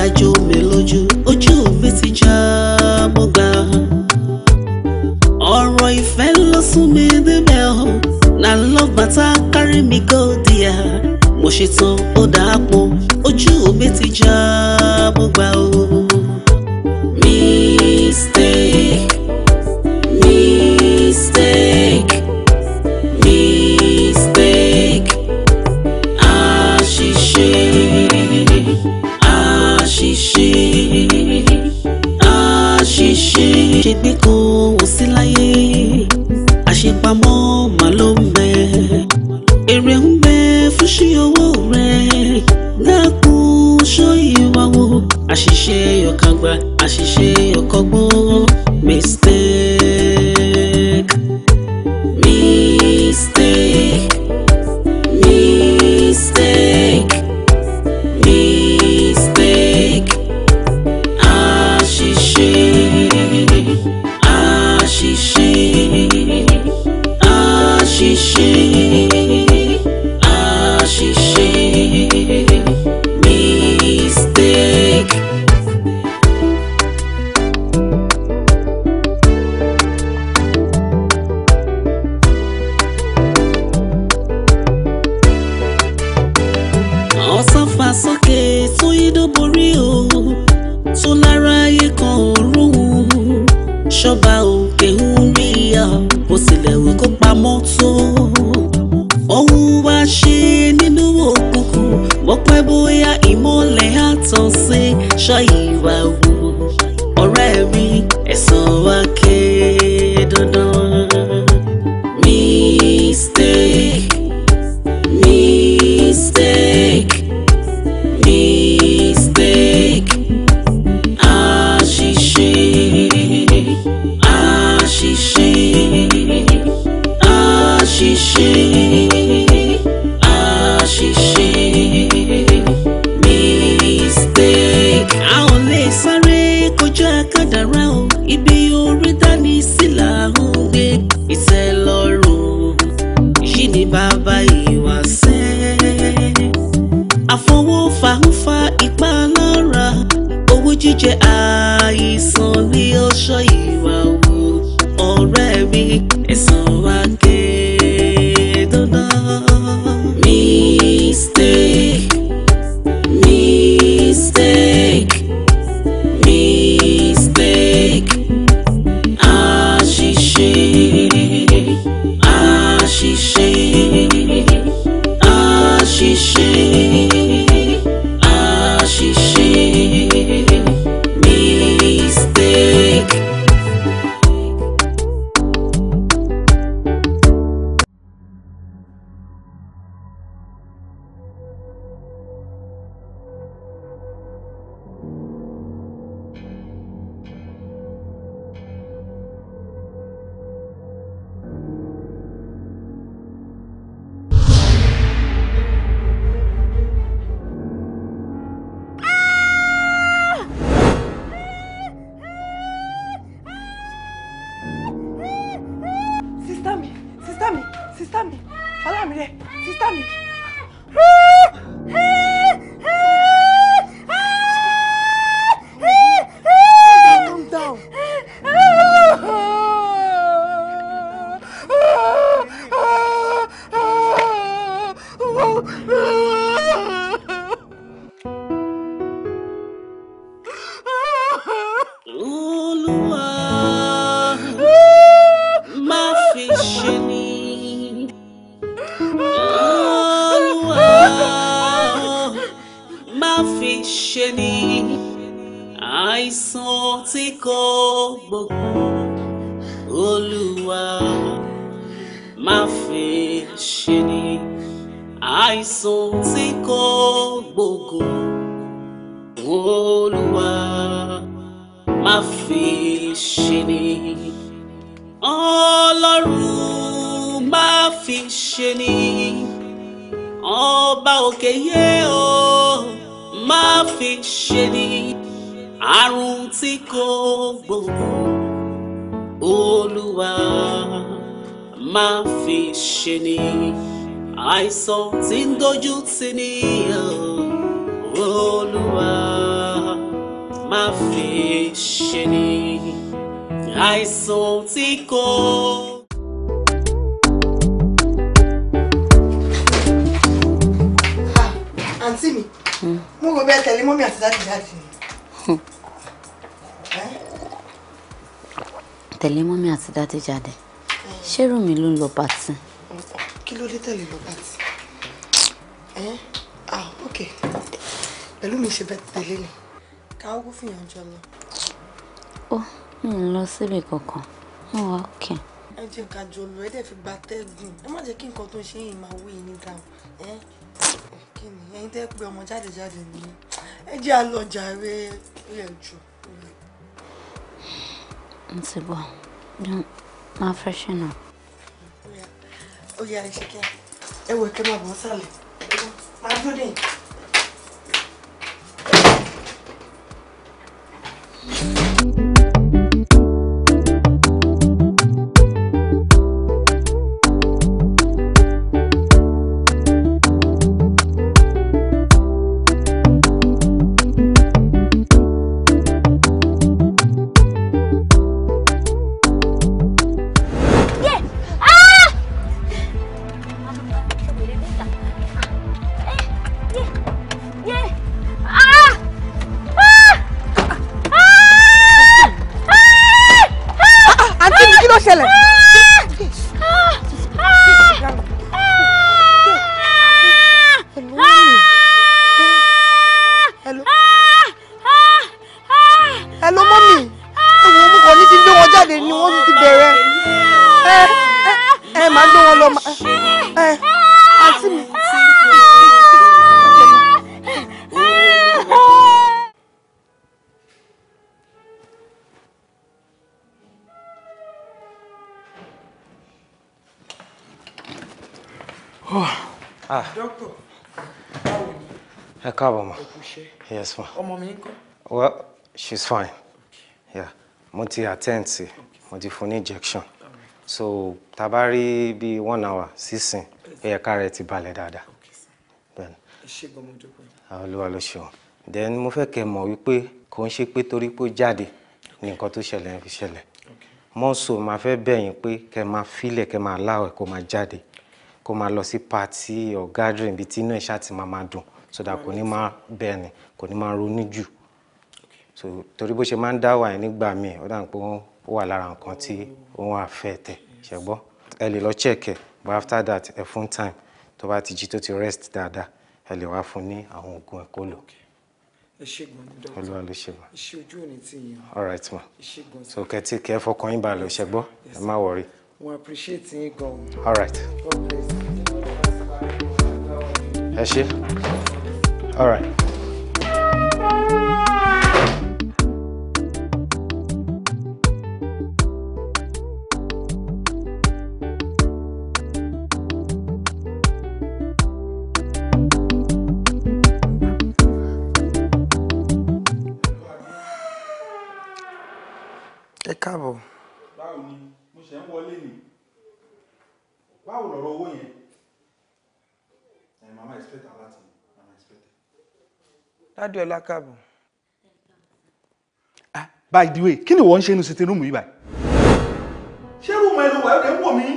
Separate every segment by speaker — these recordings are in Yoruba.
Speaker 1: I do. tilẹ̀ wí kó pamọ́ tó ohun wá ṣe nínú òkùnkùn wọ́pẹ́ bóyá ìmọ̀lẹ̀ àtọ̀ sí
Speaker 2: sísá mi
Speaker 3: tẹ̀lé mọ́mí àti dáàdì jáde ṣé Rúmi ló ń lọ pàtì.
Speaker 2: kí ló dé tẹ̀lé lọ pàtì ah ok
Speaker 3: pẹ̀lú mi ṣe bẹ́ẹ̀ tẹ̀lé ni
Speaker 2: káwọ́ kó fìyàn jọ lọ.
Speaker 3: ó mi ń lọ síbi kankan mo wà ókè.
Speaker 2: ẹ jẹ́ ká jọ lọ ẹ dẹ̀ fi gba tẹ́gùn ẹ má jẹ́ kí nǹkan tó ń ṣe yìí máa wí ní dáhùn ẹ tẹ́ pé ọmọ jáde jáde nìyí ẹ jẹ́ àlọ́jà rẹ rẹ̀ jù.
Speaker 3: n ti bọ̀ máa fẹ́ ṣìnà.
Speaker 2: ó yá ẹ ṣe kí ẹ wọ ẹkẹ máa bọ̀ sálẹ̀ máa dúró dé thank you
Speaker 4: Yes, ma. Ọmọ mi ńkọ́? Well, she's fine. Okay. Yeah. Mo ti attend sí. Mo ti fún ní injection. So, tá bá rí bí one hour sísìn, ó yẹ kára ẹ ti balẹ̀ dáadáa. Bẹ́ẹ̀ni. Ẹ gbọ́mọ dúpẹ́. Ah, Olúwa ló ṣeun. Then mo fẹ́ kẹ́ mọ̀ wípé kò ń ṣe pé torí pé ó jáde ni nǹkan tó ṣẹlẹ̀ ń fi ṣẹlẹ̀. Mọ́sọ̀ máa fẹ́ bẹ̀yìn pé kẹ́ máa filẹ̀ kẹ́ máa láwẹ̀ kó máa jáde kó máa lọ sí party or gathering bíi tí inú ẹ̀ ṣáà ti máa máa dùn so that kò ní máa bẹ́ẹ̀ ni kò ní máa ronú jù so torí bó ṣe máa ń dá wà yẹn nígbà míì ó dà ń pé ó wà lára nǹkan tí òun àfẹ́ tẹ̀ ṣẹ́gbọ́n ẹ lè lọ check ẹ but after that ẹ fún time tó bá ti jí tó ti rest dáadáa ẹ lè wá fún ní àwọn oògùn ẹ kó lò.
Speaker 5: ẹ ṣègùn ní dọ́kítà olúwa ló ṣe wá ṣe ojú òní tí yẹn. all right ma
Speaker 4: so kẹtí kẹ fọkàn yín balẹ̀ ṣẹ́gbọ́n ẹ má worry.
Speaker 5: wọn appreciate yín gan.
Speaker 4: all right. God bless you. Ẹ ṣé. All right. ládìí ọlá káàbọ̀.
Speaker 6: Ah, by the way kí ni wọ́n ń ṣe inú sitting room yìí báyìí. ṣé rúùmù ẹ̀rù wà ẹ̀ ń wò mí.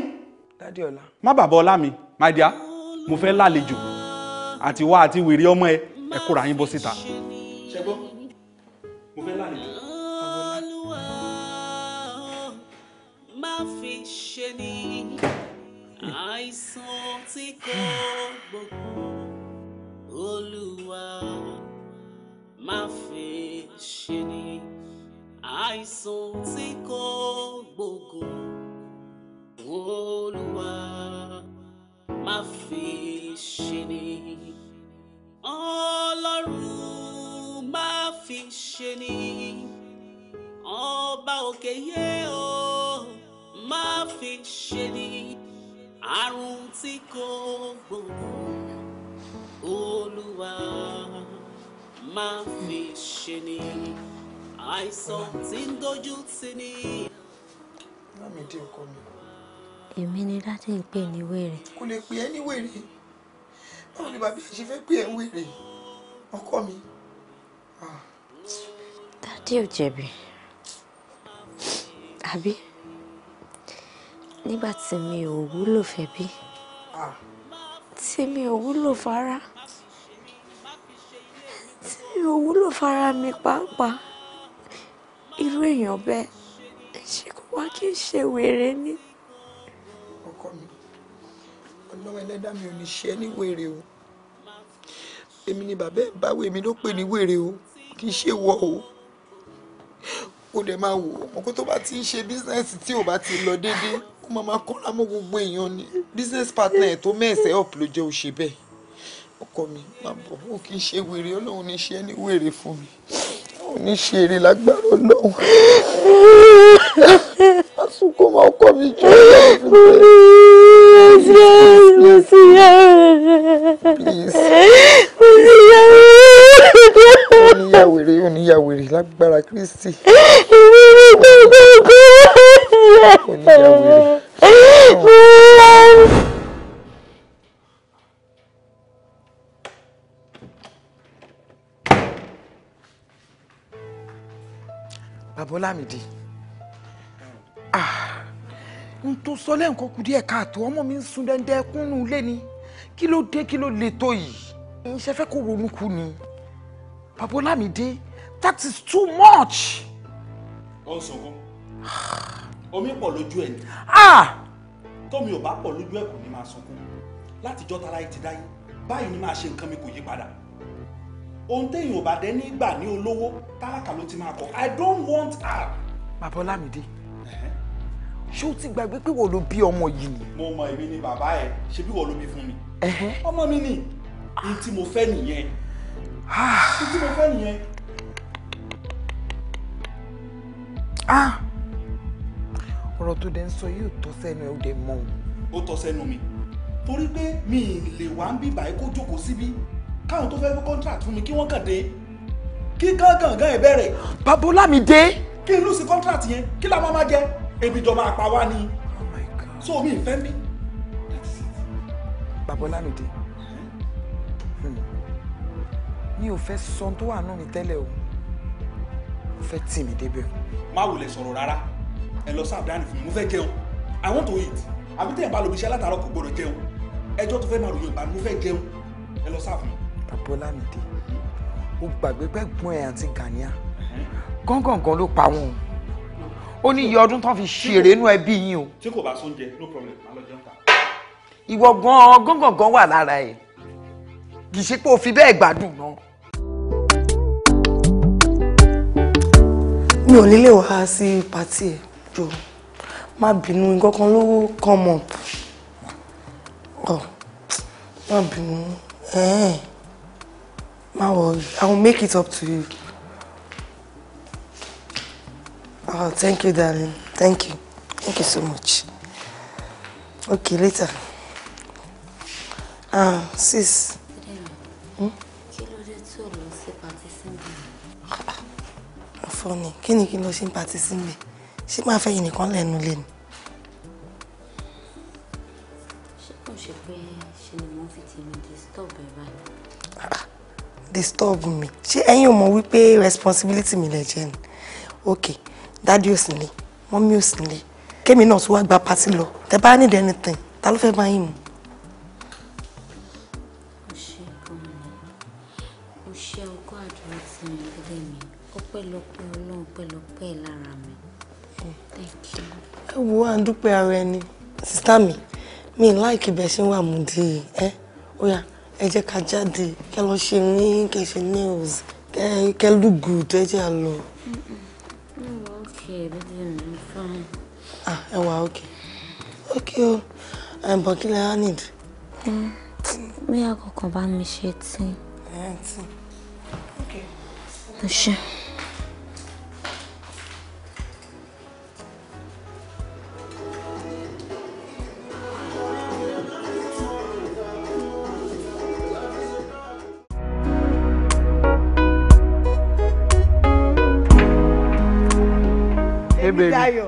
Speaker 6: ládìí ọlá. má bàbá ọlá mi my dear mo fẹ́ lálejò àti wá àti wèrè ọmọ ẹ ẹ kóra yín bọ́ síta.
Speaker 1: ṣẹ́gbọ́n mo fẹ́ lálejò. fi ṣe ni àìsàn tí kò gbogbo olúwa má fi ṣe ni àìsàn tí kò gbógun olúwa má fi ṣe ni ọlọ́run má fi ṣe ni ọba òkè yé o má fi ṣe ni àrùn tí kò gbógun olúwa máa fi ṣe ni àìsàn tí ń dojú ti ni. lámìdí ọkọ mi.
Speaker 3: èmi ni láti ń pè ní wèrè.
Speaker 1: kò lè pè ẹ́ ní wèrè báwo ni bàbá ẹ ṣe fẹ́ pè ẹ́ ń wèrè
Speaker 3: ọkọ mi. Ah. dádì ò jẹ̀bi àbí nígbà tí mi ò wúlò fẹ́ bí ah. tí mi ò wúlò fara mi ò wúlò fara mi pàápàá irú èèyàn bẹ́ẹ̀ ṣe kó wá kí n ṣe wèrè ni. ọkọ
Speaker 5: mi ọlọ́wọ́ ẹlẹ́dàá mi ò ní ṣe é ní wèrè o èmi ni bàbá ẹ̀ báwo èmi ló pè ní wèrè o kì í ṣe wọ o kó dẹ̀ máa wò ó ọkọ tó bá ti ń ṣe bísíǹsì tí ò bá ti lọ déédéé ó máa máa kọ́ra mọ́ gbogbo èèyàn ni bísíǹsì pátánà ẹ̀ tó mẹ́ẹ̀sẹ̀ ọ̀p ló jẹ́ òṣè bẹ́ẹ̀ ọkọ mi máa bọ̀ ó kì í ṣe wèrè ọlọ́run ní ṣe ẹni wèrè fún mi ó ní ṣe èrè lágbára ọlọ́run
Speaker 1: àsùnkò máa ọkọ mi jọ
Speaker 7: oníyàwèrè oníyàwèrè lágbára Kristi
Speaker 1: oníyàwèrè.
Speaker 4: babolámìdí
Speaker 5: ah, n tó sọ lẹ́ǹkan kù díẹ̀
Speaker 6: káàtó ọmọ mi ń sun dẹ́ndẹ́ kúnnú ilé ni kí ló dé kí ló le tó yìí iṣẹ́ fẹ́ kó ronú kú ni babolámìdí that is too much. ó ń sunkún omi pọ̀ lójú ẹ̀ ni ah! tómi ò bá pọ̀ lójú ẹ̀ kò ní máa sunkún látijọ́ tara ẹ ti dáyé báyìí ni máa ṣe nǹkan mi kò yí padà ohun téèyàn ò bá dé nígbà ní olówó tálákà ló ti máa kọ i don't want her. bàbá ọlámídé ṣé o ti gbàgbé pé wo ló bí ọmọ yìí ni. mo mọ èmi ni bàbá ẹ ṣe bí wo ló bí fún mi. ọmọ mi ni ní tí mo fẹ́ nìyẹn ah. ní tí mo fẹ́ nìyẹn. Ah.
Speaker 5: ọ̀rọ̀ tó dẹ̀ ń sọ yóò tọ́ sẹ́nu ẹ̀ ó dẹ̀ mọ́
Speaker 6: o. ó tọ́ sẹ́nu mi torí pé mi ì lè wá ń bíbà ẹ kó jókòó síbí. Si káwọn tó fẹ́ fún contract fún mi kí wọ́n kàn dé kí gángan ẹ̀ bẹ̀rẹ̀. babolámidé. kí n lùsí contract yẹn kí la máa máa jẹ ebi jọba àpá wa ni oh so mi ìfẹ́ mi. babolámidé
Speaker 5: hmm. mi ò fẹ́ sọ tó wà nù mí tẹ́lẹ̀ o mo fẹ́ tì mí débẹ̀.
Speaker 6: má wulẹ̀ sọ̀rọ̀ rárá ẹ lọ sáà dání fún mi mo fẹ́ jẹun i want to eat àbí tẹ̀yìn bá lóbi iṣẹ́ látàárọ̀ kò gbọ́dọ̀ jẹun ẹjọ́ tó fẹ́ máa ròyìn ìbànú mo fẹ́ jẹun ẹ lọ sáà fún mi bàbá Ọlámídé ó gbàgbé pẹ́gbọ́n ẹ̀ àti Gania gángangan ló pa wọn ó ní iye ọdún tán fi ṣeré inú ẹbí yín o. tí kò bá sóúnjẹ no problem alọjọ ń ta. ìwọ gan gángangan wà lára ẹ kì í ṣe pé o fi bẹ́ẹ̀ gbádùn náà.
Speaker 2: mi ò nílé wá sí pàtí ẹ jọ má bínú nǹkan ló come up ọ má bínú ẹ̀ẹ́n. Ma worry, I will make it up to you. Oh, thank you, darling. Thank you. Thank you so much. Okay, later. Um, hmm? Ah, sis. Ah. Fọ́ni, kí ni kí ló ṣe ń patí sí mi? Ṣé máa fẹ́ yìí nìkan lẹ́nu disturb me. ṣé ẹ̀yin ò mọ̀ wípé responsibility mi lè jẹ́ ni ok dádì ò sí nílé mọ́mí ò sí nílé kémi náà tún wá gba pátí lọ tẹ bá need anything ta ló fẹ́ bá yín mu. ẹ wo à ń dúpẹ́ ara ẹni sísá mi mi láìkí bẹ́ẹ̀ ṣe ń wà mú di ẹ ó yá ẹ jẹ́ ká jáde kẹ́ lọ ṣe ní kẹ́ ṣe nails kẹ́ look good ẹ jẹ́ à lọ. Ah, ẹ wà ok ok o ẹ̀ bọ̀ kí lè á nìdí. bí àkọ́kọ́ bá mi ṣe tí. ẹ ti ok. ẹ ṣe. Okay. bèbè mi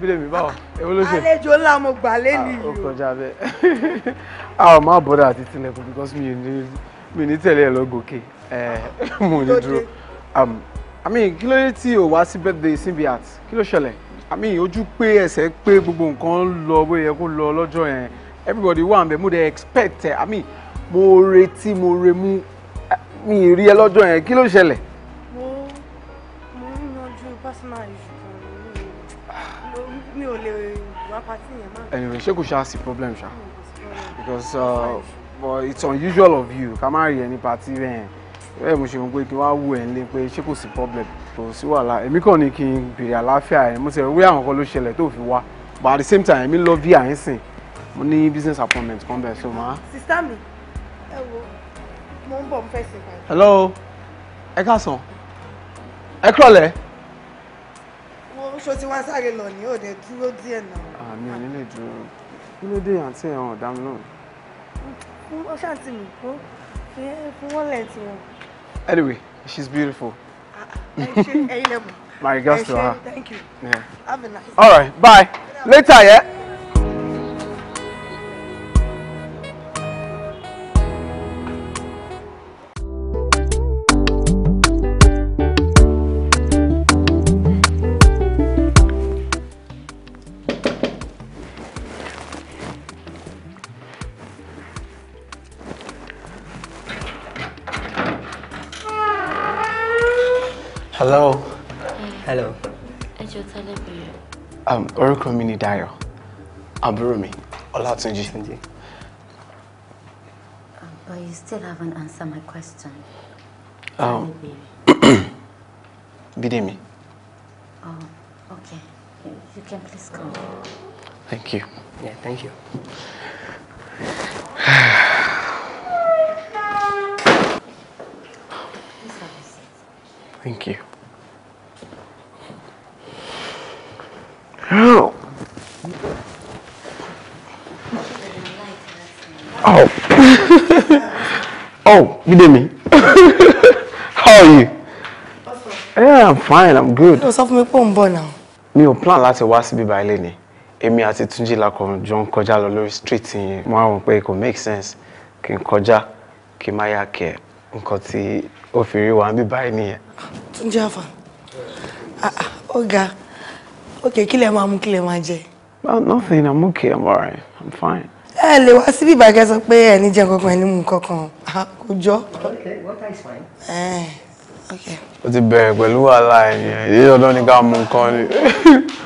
Speaker 5: bí lèmi báwo èwo ló ṣe. àlejò
Speaker 2: ńlá mo gbà lẹ́nu yìí
Speaker 5: o. ó kọjá bẹ́ẹ̀ a ò máa bọ́dọ̀ àti tilẹ̀kùn because mi ní mi ní tẹ̀lé ẹ̀ lọ gòkè mo ní dúró àmì um, kí ló dé tí o wá sí birthday simbi art kí ló ṣẹlẹ̀ àmì ojú pé ẹsẹ̀ pé gbogbo nǹkan ń lọ bó yẹ kó lọ lọ́jọ́ yẹn everybody wà ń bẹ̀ mo dey expect ẹ̀ àmì mo retí mo remú mi rí ẹ lọ́jọ́ yẹn kí ló ṣẹlẹ̀. anyway ṣé kò ṣáà sí problem hmm, sha. because uh, but it's unusual of you ká má rí ẹni pàtí rẹ̀ yẹn bẹ́ẹ̀ mo ṣe mọ̀ pé kí wọ́n á wù ẹ̀ problem So, sí wàhálà èmi kàn ní kí n bèrè àlàáfíà ẹ̀ mo ṣe rẹ̀ wí àwọn kan ló but at the same time èmi lọ bí à ń sìn mo business appointments, kan bẹ̀ so máa.
Speaker 2: sista mi ẹ wo mo ń bọ̀
Speaker 5: hello ẹ káàsán ẹ kúrọ̀lẹ́
Speaker 2: ó ṣo tí wá sáré lọ ní òde dúró díẹ̀
Speaker 5: náà. àmì ò lè dúró kí ló dé àǹtí ẹ̀wọ̀n ọ̀dàmú náà.
Speaker 2: fún ó ṣàǹtì mi kó fún wọn tí wọn.
Speaker 5: anyway she's beautiful. Ah, ah,
Speaker 2: ẹyin lẹ́mọ̀. my regards to her. thank you.
Speaker 5: Yeah. have a nice day. all right bye later yeah. orúkọ mi ni Dayọ̀ àbúrò mi Ọlátúnjí. Um,
Speaker 3: but you still haven't answered my question. Um, oh.
Speaker 5: Bidemi.
Speaker 3: Oh, okay. you can please come.
Speaker 5: Thank you. Yeah, thank you. thank you. Oh. Oh. oh, you me? How are you? Yeah, I'm fine. I'm good. Ó
Speaker 2: sọ fún mi pé ò ń bọ̀
Speaker 5: now. Mi ò plan láti wá síbí báyìí lénìí. Èmi àti Túnjí la kàn jọ ń kọjá lọ lórí street yẹn. Mo àwọn could make sense kí n kọjá kí n má yá kẹ̀ nǹkan tí ó fi rí ah, ah, okay. ń bí báyìí
Speaker 2: Kill him. àfà. Ọ̀gá, òkè kí lẹ máa
Speaker 5: Well, nothing. I'm okay. I'm alright. I'm fine.
Speaker 2: Ẹ lè ba síbí ìbàgẹ́ sọ pé ẹni jẹ kankan ẹni mú kankan. Kò jọ. Okay, what is fine. Eh,
Speaker 5: okay. O ti bẹ̀rẹ̀ pẹ̀lú wàhálà ẹ̀yìn. Ìdílé ọdún ni ká mú nǹkan ni.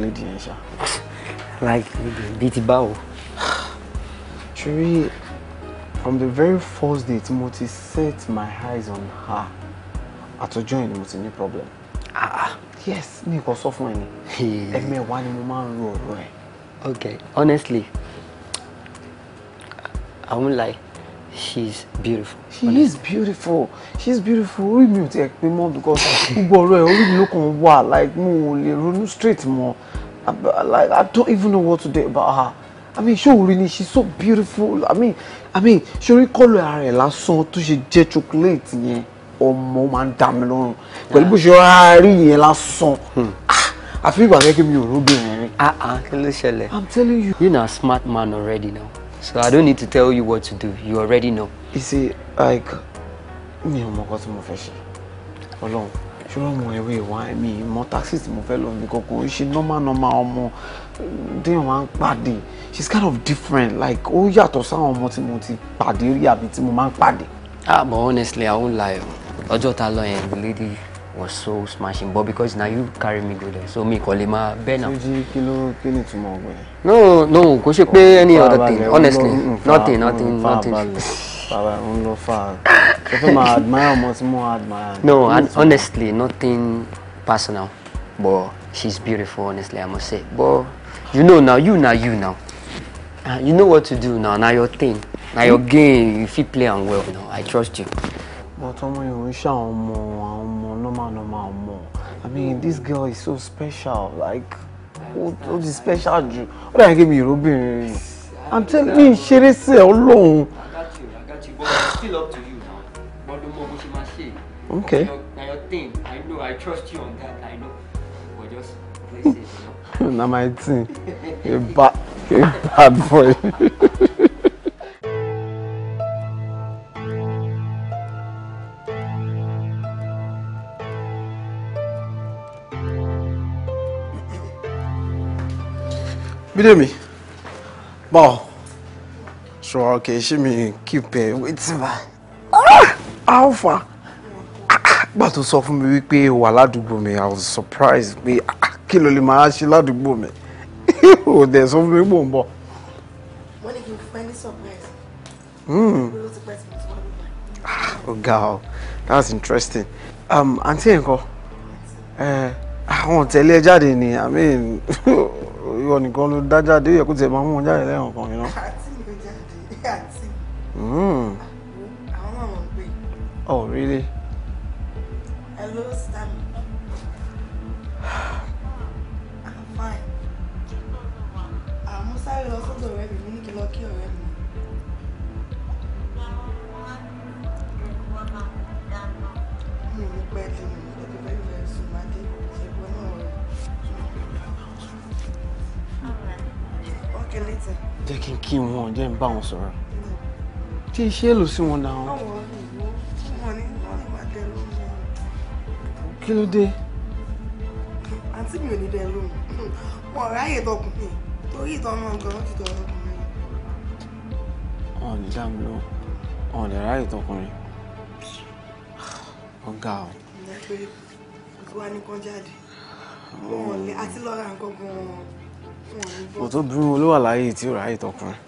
Speaker 5: lady yẹn ṣá. like bíi ti báwo. ṣùgbọ́n from the very first day tí set my eyes on her At a yẹn it mo ti ní problem. ah, ah. yes me go sọ fún ẹ me ẹ̀mẹ̀wá ni mo máa okay
Speaker 8: honestly i
Speaker 5: won't lie she's beautiful. she honestly. is beautiful she's beautiful orí mi ò tiẹ̀ pé mọ́ because gbogbo ọ̀rọ̀ ẹ̀ orí mi ló kàn wà like mo ò lè ronú straight mọ́ like I don't even know what to do about her I mean ṣé orí ni she's so beautiful I mean I mean ṣé orí kọ́lọ̀ ara ẹ̀ lásán tó ṣe jẹ́ chocolate yẹn ọmọ máa ń dà mí lọ́rùn pẹ̀lú bó ṣe rárá rí yẹn lásán hmm. ah, àfi ìgbà kẹ́kẹ́ mi ò róbìnrin rí. ah ah kí ló ṣẹlẹ̀. I'm telling you. you na smart man
Speaker 8: already now. So I don't need to tell you what to do. You already know.
Speaker 5: You see, like, me, ò mọ nǹkan tí How long? She run my way ẹ̀wé ìwà mi mọ táxi tí mo fẹ́ She normal normal or more. Then one party. She's kind of different like oh yeah, to some or more, more, pàdé rí àbí tí mo máa Ah, but honestly,
Speaker 8: I won't lie. I just lọ yẹn, the lady was so smashing but because na you carry me go there so me kò lè máa bẹ́ẹ̀ náà.
Speaker 5: ṣéjì kí ló kí ni túmọ̀ ọgbẹ́.
Speaker 8: no no kò ṣe pé any other thing honestly nothing nothing nothing. bàbá ń lọ
Speaker 5: fà á ṣe fẹ́ máa admire ọmọ tí mo admire. no honestly
Speaker 8: nothing personal but she's beautiful honestly i must say but you know now you na you now uh, you know what to do now na your thing na your hmm? game you fit play am well now i trust you
Speaker 5: nǹkan tó mú ṣàwọn ọmọ àwọn ọmọ normal normal ọmọ i mean this girl is so special like ó ti special ju ó dàgbé kí mi ìròbìnrin rí i'm telling you ṣeré sí ẹ ọlọ́run. okay. na my thing you bad you bad boy. Bídèmí, báwo? Ṣọ̀rọ̀ kì í ṣe mi keep ẹ̀ waiting by.
Speaker 4: Ah!
Speaker 5: Alpha, gbà tó sọ fún mi wípé wà ládùúgbò mi, I was surprised pé ah, kí ló lè máa ṣe ládùúgbò mi. Ò dẹ̀ sọ fún mi pò ń bọ̀.
Speaker 2: Wọ́n ní kí n fẹ́ ní surprise.
Speaker 5: Hmm. Ló ah, o, that's interesting. Um, àǹtí ẹ̀ ń kọ́, eh, àwọn tẹ̀lé ẹ jáde ni, I mean. ìwọ nìkan ló dá jáde yẹ kó tiẹ̀ máa mú wọn jáde lẹ́yìn ọ̀kan yìí hmm.
Speaker 2: náà. àwọn máa mọ̀ pé. oh really. hello sir.
Speaker 5: They can keep one. kí n kí wọn jẹ́ n bá wọn sọ̀rọ̀ tí mm. iṣẹ́ lò sí wọn náà. kí ló dé.
Speaker 2: àǹtí mi ò ní dẹ lóhùn wọn ráyè tọkùnrin torí ìtàn náà gan-an ti tọrọ ọkùnrin.
Speaker 5: wọn ò ní dá mi lóhùn wọn ò lè ráyè tọkùnrin wọn ga ọ.
Speaker 2: ǹjẹ́ pé kí wàá ní kán jáde wọn
Speaker 5: ò lè àti lọ́ra nǹkan gan-an mo tó bínú olówà láyé tí ó ráyè tọkùnrin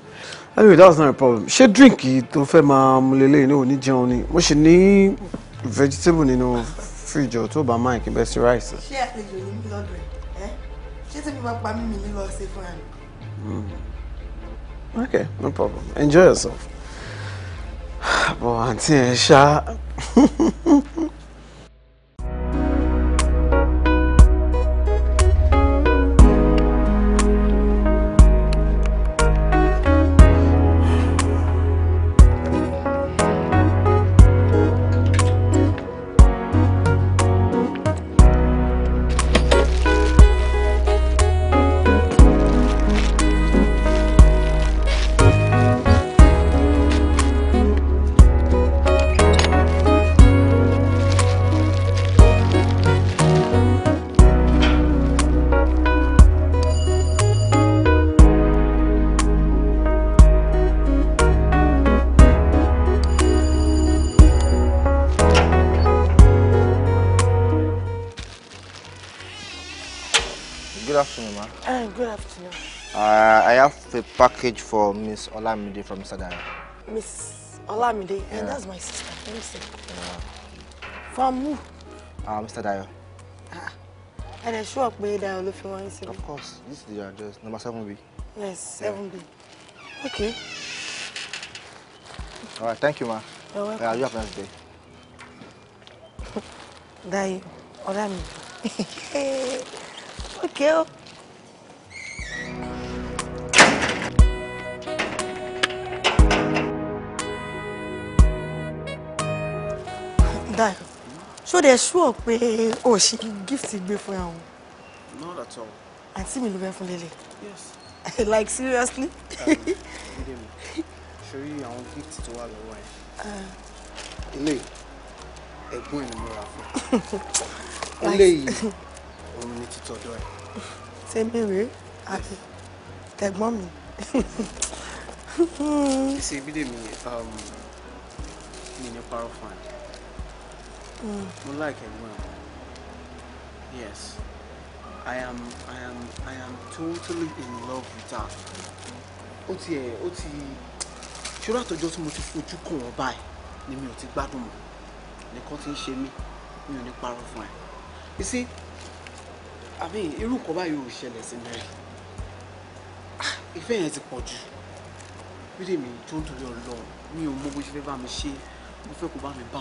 Speaker 5: anyway that's not a problem ṣé díríǹkì tó fẹ́ máa mu lélẹ̀ ní òní jẹun ni mo ṣì ní vegetable nínú fíríjọ tó bá máa kí bẹ́ẹ̀ sí ráìsì.
Speaker 1: ṣé àlejò ní bí
Speaker 2: lọ́dọ̀ ẹ̀ ṣé tí mi bá pa mímì ní lọ sí fún ẹ̀.
Speaker 5: Hmm. okay no problem enjoy yourself. bọ̀ àǹtí ẹ̀ ṣá.
Speaker 4: package for Miss Olamide from Sadara.
Speaker 2: Miss Olamide? Yeah. And that's my sister. Let me see.
Speaker 5: Yeah. From who? Uh, ah, Mr. Dayo. Ah.
Speaker 2: And I show up where Dayo ló fi wọ́n Of
Speaker 5: course. This is the address. Number 7B.
Speaker 2: Yes, yeah. 7B. Okay.
Speaker 5: All right. Thank you, ma. You're welcome. Yeah, you have a nice day.
Speaker 2: Dayo. Olamide. okay. Oh. Dayo, ṣó dẹ̀ ṣúọ̀ pé oh she gift gbé fún àwọn. Not at all. And see me fẹ́ for Lily?
Speaker 5: Yes. like seriously. Ṣorí àwọn gift tó wà lọ́wọ́ ẹ̀. Ah. Ilé ẹ̀gbọ́n ẹ̀ ni mo rà fún. Ilé yìí òun ni títọ́jọ́ ẹ̀.
Speaker 2: Tẹ́mi rèé àti ah, tẹ̀gbọ́n mi.
Speaker 5: Ṣé Bídèmí um, mi ní parọ́ fún ẹ? Mm. mo like it well. yes i am i am i am totally in love with her Oti ti ẹ̀ ó ti just àtọjọ́ tí mo ti fojú kàn wọ́n báyìí ni mi ò ti gbádùn mọ́ nìkan ti ń you see I mean, nǹkan báyìí ò ṣẹlẹ̀ sí Mary ah, ìfẹ́ yẹn ti pọ̀ jù bídèmí tó ń torí ọlọ́run mi ò mọ bó ṣe fẹ́ bá mi ṣe mo fẹ́ kó bá mi bá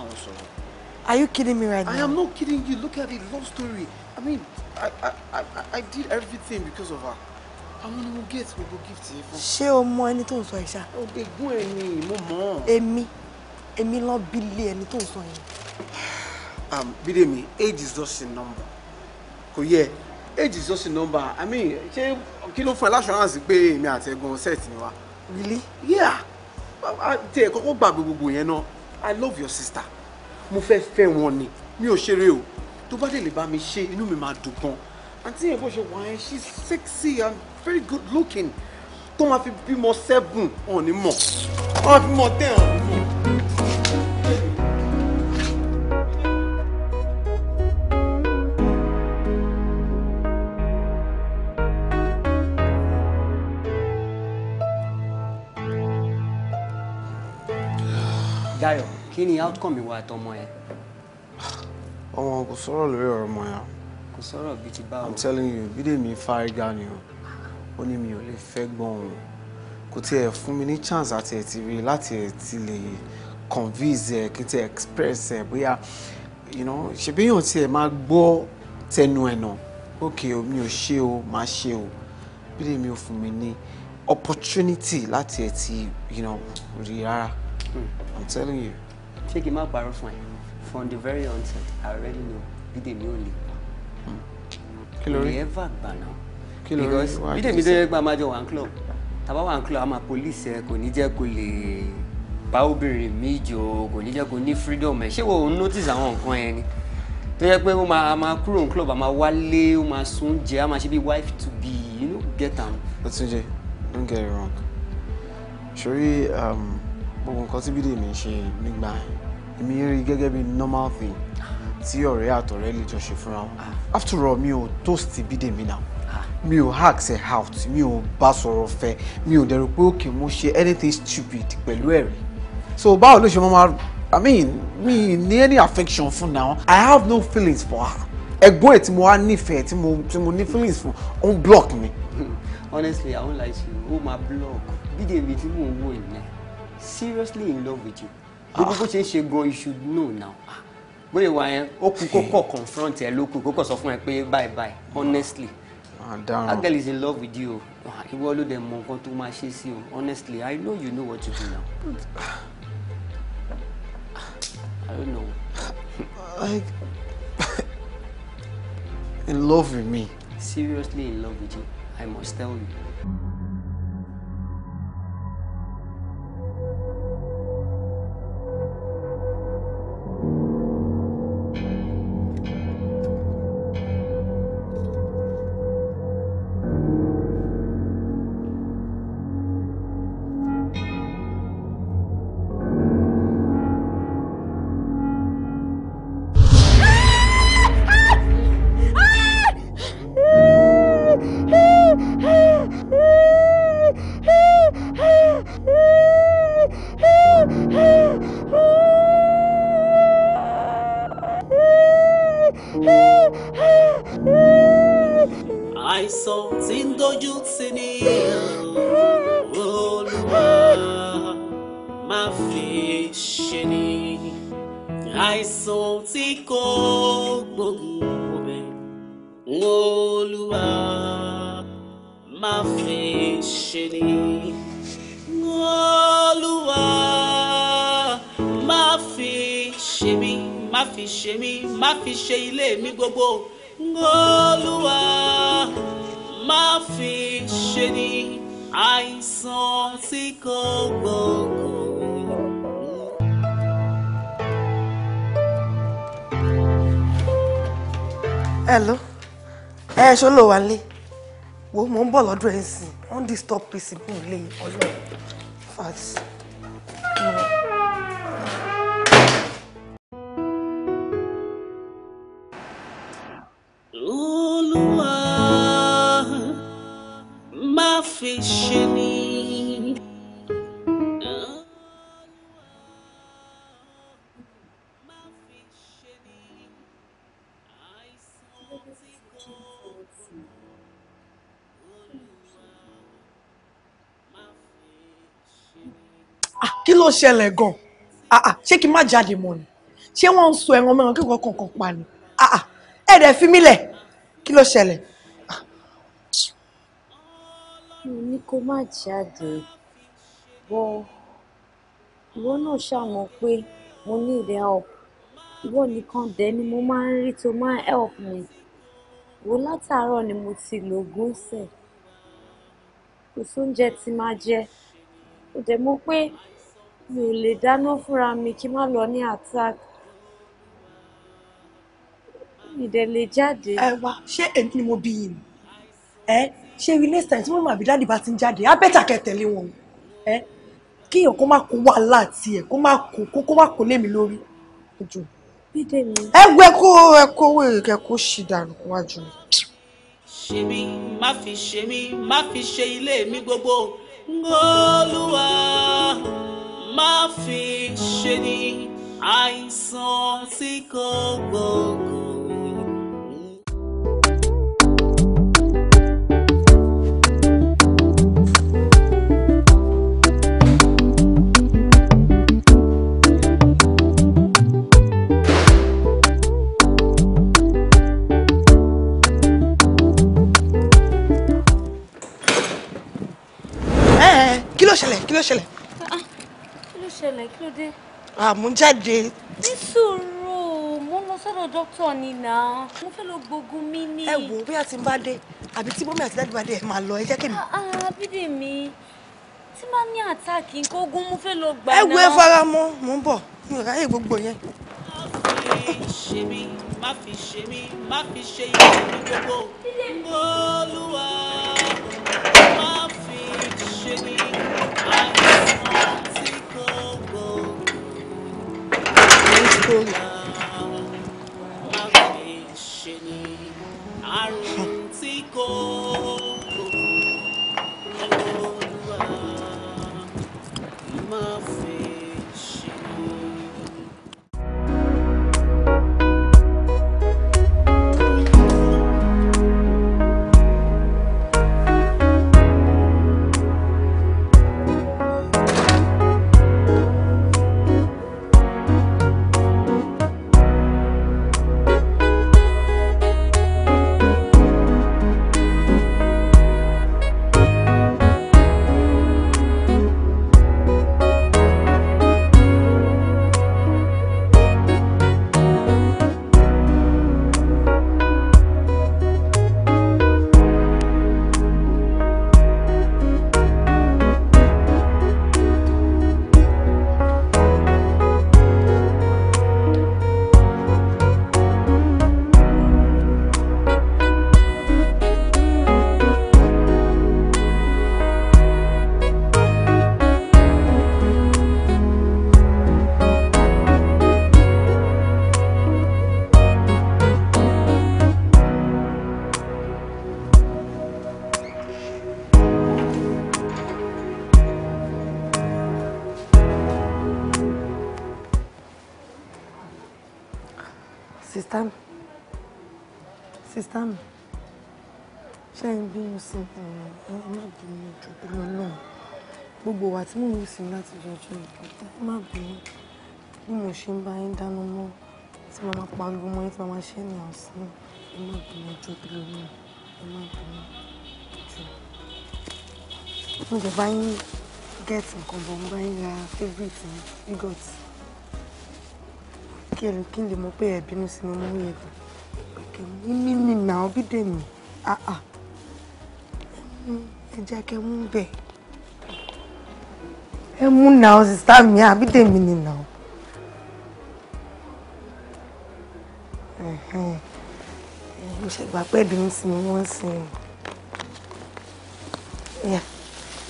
Speaker 5: Are you kidding me right I now? I am not kidding you. Look at the love story. I mean, I, I, I, I did everything because of her. Àwọn ni mo get gbogbo gift yìí fún. Ṣé
Speaker 2: o mọ ẹni tó ń sọ ìṣá? Ògbégún ẹ̀ ni mo mọ̀ ọ́n. Èmi èmi lọ bí lé ẹni tó ń sọ
Speaker 5: yẹn. Um, Bídèmí, age is just a number. Kò yẹ age is just a number. I mean, ṣé kí ló fún ẹ láṣọ́ránsì pé èmi àti ẹ̀gbọ́n set ni wa? Really? Yeah. Tẹ̀ kọ́kọ́ gbàgbé gbogbo yẹn náà. I love your sister mo fẹ́ fẹ́ wọn ni mi ò ṣeré o tó bá dẹ̀ bá mi ṣe inú mi máa dùn gan àǹtí yẹn bó ṣe wà yẹn she's sexy and very good looking tó máa fi bímọ seven ọ̀nì mọ̀ ọ̀nì mọ̀ tẹ̀ ọ̀nì mọ̀.
Speaker 8: kí ni outcome ìwà àtọmọ
Speaker 5: yẹn. ọmọ kò sọ̀rọ̀ lórí ọ̀rọ̀ ọmọ yẹn. kò sọ̀rọ̀ bíi ti báwo. i'm telling you Bídèmí fárígá ni o ó ní mi ò lè fẹ́ gbọ́n òun kò tiẹ̀ fún mi ní chance àti ẹ̀ ti rí láti ẹ̀ ti lè convince ẹ̀ kí n ti express ẹ̀ bóyá ṣebí yàn tiẹ̀ máa gbọ́ tẹnu ẹ̀ náà ókè o mi ò ṣe o máa ṣe o Bídèmí ò fún mi ní opportunity láti ẹ̀ ti rí rárá hmm. i'm telling you ṣé kí n má parọ́ fún ẹ
Speaker 8: from the very onset I already know bídèmí ò lè hmm. kí ló rí ever gbà náà kí ló rí because bídèmí tó yẹ gba máa jọ one club tàbá one club àmà police ẹ kò ní jẹ́ kó lè bá obìnrin mi jọ kò ní jẹ́ kó ní freedom ẹ ṣé wo ò ń notice àwọn nǹkan yẹn ni tó yẹ pé ó máa máa kúrò ní club àmà wálé ó máa sún jẹ á máa ṣe bí wife to be you know
Speaker 5: get am. ó tún jẹ don't get it wrong sori. Um, gbogbo nǹkan tí bídèmí ń ṣe nígbà èmi rí gẹ́gẹ́ bí normal thing tí ọ̀rẹ́ àtọ̀rẹ́ lè jọ ṣe fúnra wọn after all mi ò toast bídèmí náà mi ò ask ẹ out mi ò bá sọ̀rọ̀ fẹ́ mi ò dẹ̀rù pé òkè mo ṣe anything stupid pẹ̀lú ẹ̀rí so báwo ló ṣe mọ́ máa i mean mi ní any affection fún now i have no feelings for her ẹ̀gbọ́n ẹ̀ tí mo wá nífẹ̀ẹ́ tí mo tí mo ní feelings fún ó ń block mi.
Speaker 8: honestly i won't lie to you ó máa block bídèmí tí mò ń wò yìí seriously in love with you ah. gbogbo bó ṣe ń ṣe gan you should know now ah, bóyá ìwà yẹn ó kú kókó confront ẹ ló kú kókó sọ fún ẹ pé bye bye honestly
Speaker 5: ah, that girl
Speaker 8: is in love with you ìwọ ló dẹ̀ mọ nǹkan tó máa ṣe sí o honestly i know you know what to do now i don't know.
Speaker 5: like in love with me.
Speaker 8: seriously in love with you i must tell you.
Speaker 1: àìsàn tí ń dojú ti ní olúwa má fi ṣe ní àìsàn tí kò gbógun ọbẹ̀ olúwa má fi ṣe ní olúwa má fi ṣe mí má fi ṣe mí má fi ṣe ilé mi gbogbo. Olúwa má fi ṣe ní àìsàn tí kò gbógun.
Speaker 2: hello ẹ ṣó ló wà lé wo mò ń bọ̀ lọ́dọ̀ ẹ̀ sìn wọ́n peace ní ọlọ́run
Speaker 1: fast. fi ṣe ni.
Speaker 2: Ah, kí ló ṣẹlẹ̀ gan-an ah, ah, ṣé kí n má jáde mọ́ ni ṣé wọ́n ń so ẹran mẹ́ran kí nǹkan kankan pa ni ẹ̀ẹ́dẹ̀ fi mí lẹ̀ kí ló ṣẹlẹ̀
Speaker 3: mi ò ní kó má jáde but ìwọ náà ṣáà mọ̀ pé mo need help ìwọ nìkan dẹ̀ ni mo máa ń rí tó máa help me, wò látàárọ̀ ni mo ti lògùn sẹ̀ kò sóúnjẹ tí màá jẹ ó dẹ̀ mọ̀ pé mi ò lè dáná fúnra mi kí n má lọ ní attack mi lè jáde. ẹ wá ṣé èmi ni mo bí
Speaker 2: yìí ẹ ṣé rí next time tí mọ́mọ́ àbí dáàdì bá ti ń jáde á bẹ́tà kẹ́ tẹ̀lé wọn ẹ kíyàn kó má kó wàhálà tiẹ̀ kó má kó kó má kó lé mi lórí ojú. ẹ gbẹ kó ẹ kó owó ìrìkẹ kó ṣì dànù wájú.
Speaker 1: ṣe mi má fi ṣe mi má fi ṣe ilé mi gbogbo ngólúwa má fi ṣe ni àìsàn tí kò gbòògùn.
Speaker 2: ló ṣẹlẹ̀. Ah,
Speaker 3: kí ló ṣẹlẹ̀ kí ló dé.
Speaker 2: àmújáde.
Speaker 3: ní sùúrù mo ń lọ sọ́dọ̀ dókítà ni mo fẹ́ lọ gbógun mi ni. ẹ wo bí a ti ń bá dé àbí tí bọ́mí àti dáàdì bá dé ẹ máa lọ ẹ jẹ́ kí mi. Ah, ah, bídè mi tí máa ní
Speaker 1: àtàkì nǹkan mo fẹ́ lọ gbà náà. ẹ wo ẹ fara
Speaker 2: mọ́ mò ń bọ̀ mi ò ráyè gbogbo yẹn. má fi ṣe mí má fi ṣe mí má fi ṣe ìyàwó mi gbogbo má fi ṣe mí.
Speaker 1: sórí. àrùn tí kò.
Speaker 2: gbogbo wa tí mò ń sìn láti jọjọ ìpàdé má bínú bí mo ṣe ń bá yín dáná mọ́ tí màá máa pariwo mọ́ yín tí màá máa ṣe ní àsán ẹ má bínú ọjọ́ bí lórí ẹ má bínú jù. mo jẹ bá yín gẹ́ẹ̀tì nǹkan bọ̀ mo bá yín ra favourite mi yogurt kí ẹni kí n lè mọ pé ẹ bínú sí mi mọ́ yẹ kàn òkè mímí nìyà ọbí dèmi ah, ah. ẹ jẹ́ kẹ́ mú bẹ́ẹ̀ ẹ mú náà sista mi àbí tèmi ni náà. mo ṣe gbà pé ẹ̀dùn sí mi wọ́n sí mi.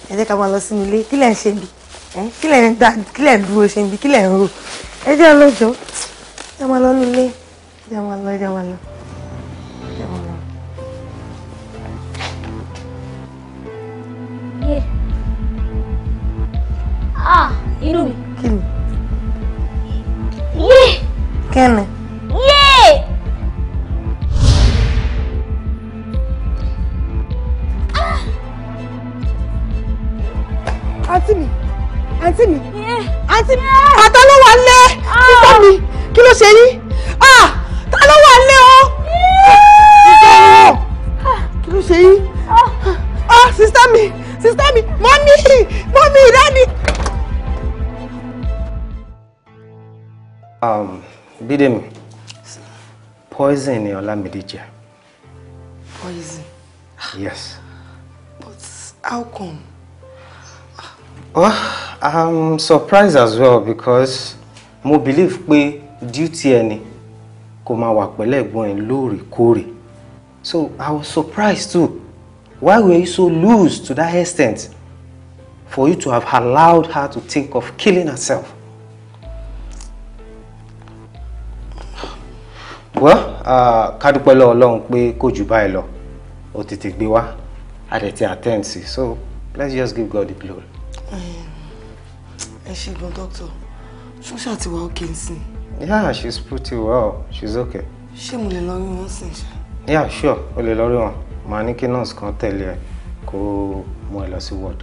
Speaker 2: ẹ jẹ́ ká máa lọ sínú ilé kí lẹ̀ ń ṣe bí kí lẹ̀ ń dá kí lẹ̀ ń dúró ṣe bí kí lẹ̀ ń rò ẹ jẹ́ lọ́jọ́ ẹ máa lọ nílé ẹ inú mi. kí ni.
Speaker 4: Lydia. Poison? Yes.
Speaker 2: But how come?
Speaker 4: Oh, I'm surprised as well because mo believe pé duty ẹni kò máa wà pẹ̀lú ẹ̀gbọ́n ẹ̀ lóòrèkóòrè. So I was surprised too. Why were you so loose to that extent for you to have allowed her to think of killing herself? kádúpẹ́ lọ́wọ́ ọlọ́run pé kò jù báyìí lọ ó tètè gbé wá a dẹ̀ ti attend sí so let's just give God the glory.
Speaker 2: ẹ ṣe gan doctor ṣọ́ṣà ti wá òkè ń sìn.
Speaker 4: yeah she's pretty well she's okay.
Speaker 2: ṣé mo lè lọ rí wọn sìn ṣá.
Speaker 4: yeah sure o lè lọ rí wọn màá ní kí nurse kan tẹ̀lé ẹ kó mú ẹ lọ sí ward.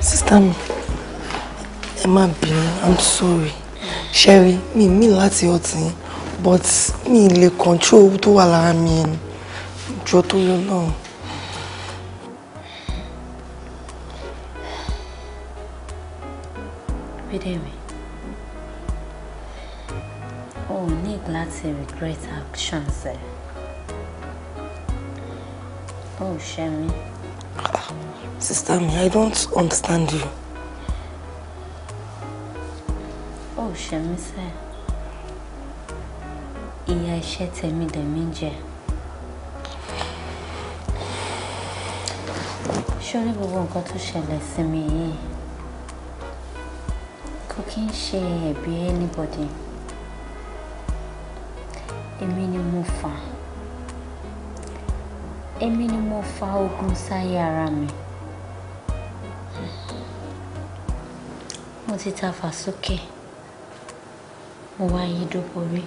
Speaker 2: Sister mi ẹ má bínú i'm sorry Sherry mi mi láti ọtí but mi lè control tó wà lára mi ẹni jọ tó yọ náà.
Speaker 3: Bídèmí, o ò ní láti regret actions ẹ̀. O oh, ò ṣẹ́ mi.
Speaker 2: Ah, Sista mi, I don't
Speaker 7: understand you.
Speaker 3: ṣe mí sẹ́ ìyà iṣẹ́ tèmi dẹ̀mí jẹ. sórí gbogbo nǹkan tó ṣẹlẹ̀ sí mi yìí kò kí ń ṣe ẹ̀bi anybody èmi ni mo fà èmi ni mo fa ogun sáyé ara mi mo ti ta fà sókè. Okay mo wá yí dóborí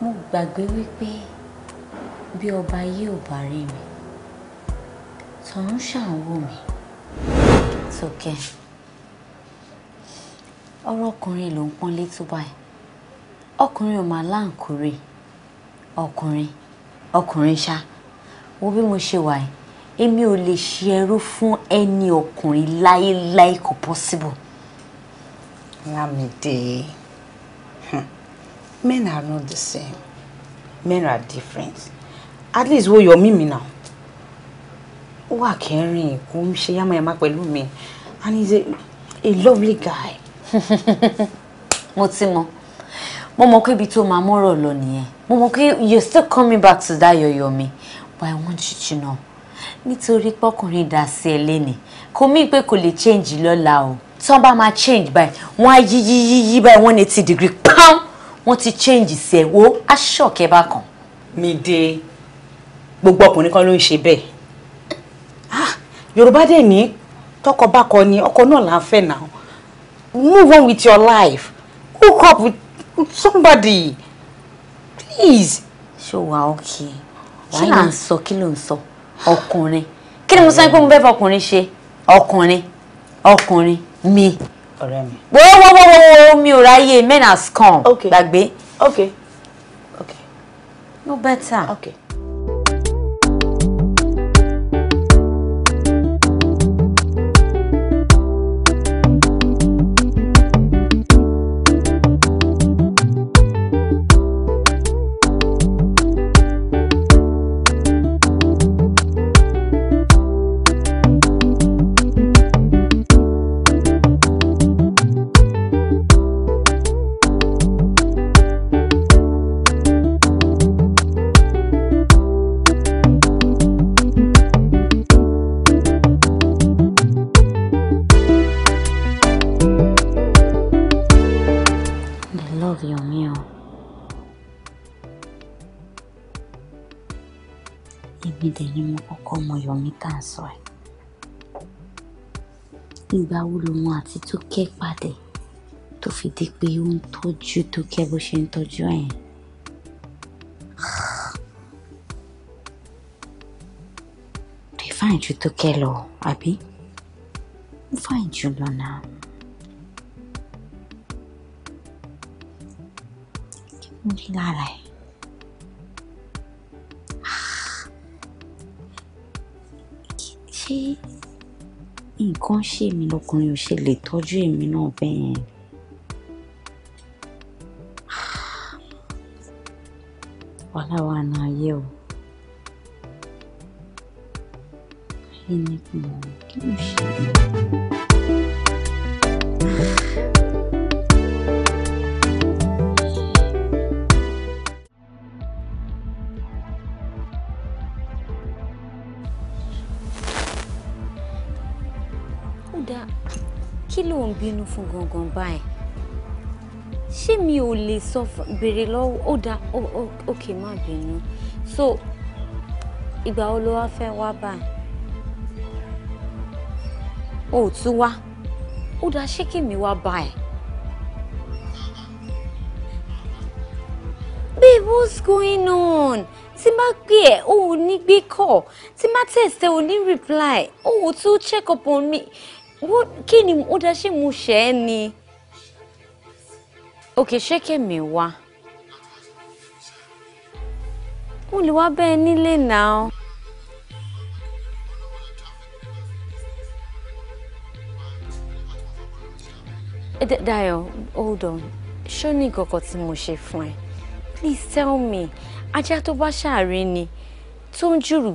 Speaker 3: mo gbàgbé wípé bí ọba ayé ò bá rí mi tọ̀run ṣàǹwò mi sókè ọ̀rọ̀ ọkùnrin ló ń pọ́n létí báyìí ọkùnrin ò máa láǹkúrè ọkùnrin ọkùnrin ṣá wo bí mo ṣe wà yìí èmi ò lè ṣe ẹrú fún ẹni ọkùnrin láéláé kò possible. Lamide,
Speaker 7: hmm. men are not the same. Men are different. At least wo yọ̀ mí mi now. Ó wà kẹrin kò ya
Speaker 3: ṣe yámayàmá mi and he's a, a lovely guy. mo ti mọ̀ mo mọ̀ pé ibi tó máa mọ́rọ̀ lọ nìyẹn mo mọ̀ pé you're still coming back to that yọ̀yọ̀ mi but I want you to know nítorí pọ́kùnrin dà sí ẹ lẹ́nìí kò mí pé kò change lola o tí wọ́n bá máa change by wọ́n á yí yí yí yí báyìí wọ́n ní degree pam wọ́n ti change sí ẹ̀ wo aṣọ kẹba kan. mi
Speaker 7: de gbogbo ọkùnrin kan ló ń ṣe bẹ́ẹ̀ ah, yorùbá dẹ̀ ní tọkọ bá kọ ni ọkọ náà là ń fẹ́ náà move on with your life
Speaker 3: hook up with somebody please. ṣé wàá ọkì wàá là ń sọ kí ló ń sọ ah. ọkùnrin kí ni mo sọ pé mo bẹ́ẹ̀ fọkùnrin ṣe ọkùnrin ọkùnrin mi. ọ̀rẹ́ mi. wo wo wo wo mi ò ráyè men as come. ok gbàgbé. ok ok. no better. okay. sọ ẹ̀ ìgbà wo lòun àti Tókẹ́ pàdé tó fi di pé ó ń tọ́jú Tókẹ́ bó ṣe ń tọ́jú ẹ̀yìn. fine ju Tókẹ́ lọ àbí ó fine jù lọ náà. kí ló ń lára ẹ̀. ṣé nǹkan ṣe mí lọkùnrin ò ṣe lè tọ́jú èmi náà bẹ́ẹ̀ wàhálà wà ní ayé o. ayé ni kò mọ̀ kí ló ṣe ń bínú fún gangan báyìí ṣé mi ò lè sọ béèrè lọ́wọ́ ó dáa òkè má bínú so ìgbà wo ló wá fẹ́ wá báyìí ó tún wá ó dáa ṣé kí mi wá báyìí. babe what's going on tí má gbé ẹ ò ní gbé call tí má tẹ̀sẹ̀ ò ní reply ó ò tún check up on me kí ni ó dá ṣé mo ṣe é ni òkè ṣé kèmí wá mo lè wá bẹ́ẹ̀ nílé náà. Dayo, hold on. Ṣó ní nǹkankan tí mo ṣe fún ẹ? Please tell me. Ajá tó bá ṣàárín ni, tó ń jùrù,